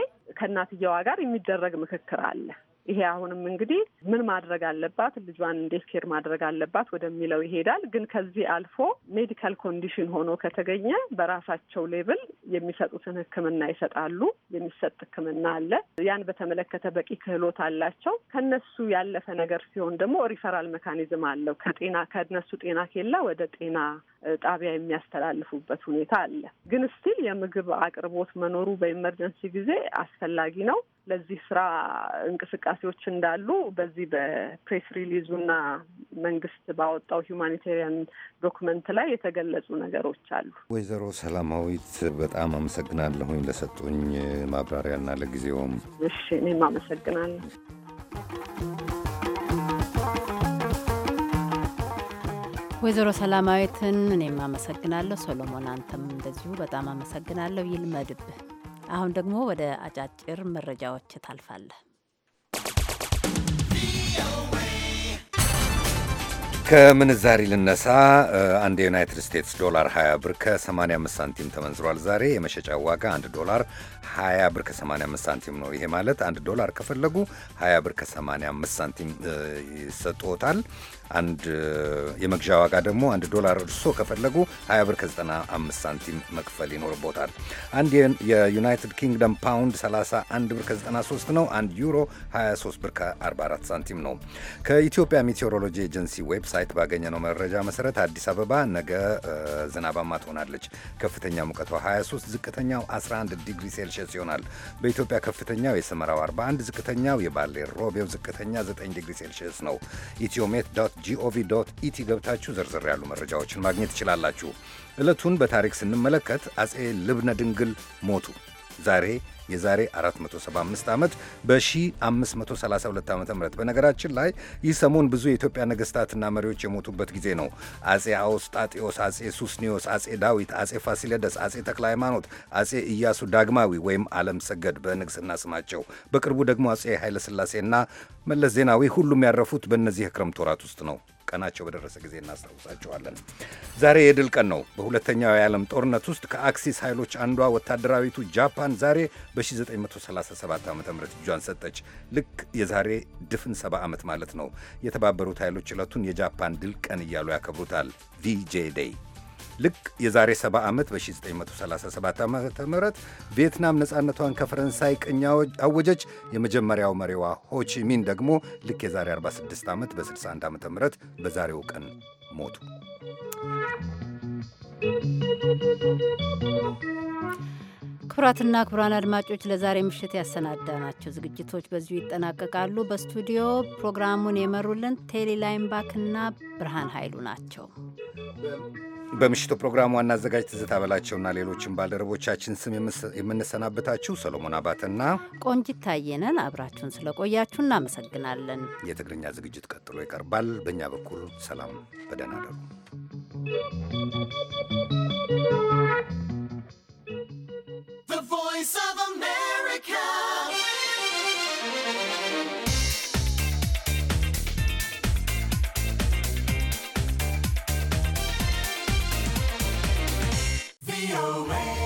ከእናትየዋ ጋር የሚደረግ ምክክር አለ። ይሄ አሁንም እንግዲህ ምን ማድረግ አለባት ልጇን እንዴት ኬር ማድረግ አለባት ወደሚለው ይሄዳል። ግን ከዚህ አልፎ ሜዲካል ኮንዲሽን ሆኖ ከተገኘ በራሳቸው ሌብል የሚሰጡትን ሕክምና ይሰጣሉ። የሚሰጥ ሕክምና አለ። ያን በተመለከተ በቂ ክህሎት አላቸው። ከነሱ ያለፈ ነገር ሲሆን ደግሞ ሪፈራል መካኒዝም አለው። ከጤና ከነሱ ጤና ኬላ ወደ ጤና ጣቢያ የሚያስተላልፉበት ሁኔታ አለ። ግን ስቲል የምግብ አቅርቦት መኖሩ በኢመርጀንሲ ጊዜ አስፈላጊ ነው። ለዚህ ስራ እንቅስቃሴዎች እንዳሉ በዚህ በፕሬስ ሪሊዙና መንግስት ባወጣው ሂውማኒቴሪያን ዶክመንት ላይ የተገለጹ ነገሮች አሉ። ወይዘሮ ሰላማዊት በጣም አመሰግናለሁኝ ለሰጡኝ ማብራሪያና ለጊዜውም። እሺ እኔም አመሰግናለሁ። ወይዘሮ ሰላማዊትን እኔም አመሰግናለሁ። ሶሎሞን አንተም እንደዚሁ በጣም አመሰግናለሁ። ይልመድብህ። አሁን ደግሞ ወደ አጫጭር መረጃዎች ታልፋለህ። ከምንዛሪ ልነሳ። አንድ የዩናይትድ ስቴትስ ዶላር 20 ብር ከ85 ሳንቲም ተመንዝሯል። ዛሬ የመሸጫ ዋጋ 1 ዶላር 20 ብር ከ85 ሳንቲም ነው። ይሄ ማለት አንድ ዶላር ከፈለጉ 20 ብር ከ85 ሳንቲም ይሰጥዎታል። አንድ የመግዣ ዋጋ ደግሞ አንድ ዶላር እርሶ ከፈለጉ 20 ብር ከ95 ሳንቲም መክፈል ይኖርቦታል። አንድ የዩናይትድ ኪንግደም ፓውንድ 31 ብር ከ93 ነው። አንድ ዩሮ 23 ብር ከ44 ሳንቲም ነው። ከኢትዮጵያ ሜቴዎሮሎጂ ኤጀንሲ ዌብሳይት ባገኘነው መረጃ መሰረት አዲስ አበባ ነገ ዝናባማ ትሆናለች። ከፍተኛ ሙቀቷ 23፣ ዝቅተኛው 11 ዲግሪ ሴል ሴልሺየስ ይሆናል። በኢትዮጵያ ከፍተኛው የሰመራው 41፣ ዝቅተኛው የባሌ ሮቤው ዝቅተኛ 9 ዲግሪ ሴልሺየስ ነው። ኢትዮሜት ዶት ጂኦቪ ዶት ኢቲ ገብታችሁ ዝርዝር ያሉ መረጃዎችን ማግኘት ትችላላችሁ። ዕለቱን በታሪክ ስንመለከት አጼ ልብነ ድንግል ሞቱ ዛሬ የዛሬ 475 ዓመት በ1532 ዓ ም በነገራችን ላይ ይህ ሰሞን ብዙ የኢትዮጵያ ነገሥታትና መሪዎች የሞቱበት ጊዜ ነው። አጼ አውስጣጢዮስ፣ አጼ ሱስኒዮስ፣ አጼ ዳዊት፣ አጼ ፋሲለደስ፣ አጼ ተክለ ሃይማኖት፣ አጼ ኢያሱ ዳግማዊ ወይም አለም ሰገድ በንግሥና ስማቸው፣ በቅርቡ ደግሞ አጼ ኃይለሥላሴና መለስ ዜናዊ ሁሉም ያረፉት በእነዚህ የክረምት ወራት ውስጥ ነው። ቀናቸው በደረሰ ጊዜ እናስታውሳቸዋለን። ዛሬ የድል ቀን ነው። በሁለተኛው የዓለም ጦርነት ውስጥ ከአክሲስ ኃይሎች አንዷ ወታደራዊቱ ጃፓን ዛሬ በ1937 ዓ ም እጇን ሰጠች። ልክ የዛሬ ድፍን ሰባ ዓመት ማለት ነው። የተባበሩት ኃይሎች ዕለቱን የጃፓን ድል ቀን እያሉ ያከብሩታል ቪጄ ዴይ ልክ የዛሬ 70 ዓመት በ1937 ዓ ም ቪየትናም ነፃነቷን ከፈረንሳይ ቅኝ አወጀች። የመጀመሪያው መሪዋ ሆቺሚን ደግሞ ልክ የዛሬ 46 ዓመት በ61 ዓ ም በዛሬው ቀን ሞቱ። ክቡራትና ክቡራን አድማጮች ለዛሬ ምሽት ያሰናዳናቸው ዝግጅቶች በዚሁ ይጠናቀቃሉ። በስቱዲዮ ፕሮግራሙን የመሩልን ቴሌ ላይምባክና ብርሃን ኃይሉ ናቸው። በምሽቱ ፕሮግራም ዋና አዘጋጅ ትዝታ በላቸውና ሌሎችን ባልደረቦቻችን ስም የምንሰናበታችሁ ሰሎሞን አባትና ቆንጂት ታየነን አብራችሁን ስለቆያችሁ እናመሰግናለን። የትግርኛ ዝግጅት ቀጥሎ ይቀርባል። በእኛ በኩል ሰላም፣ በደህና ደሩ። VOA.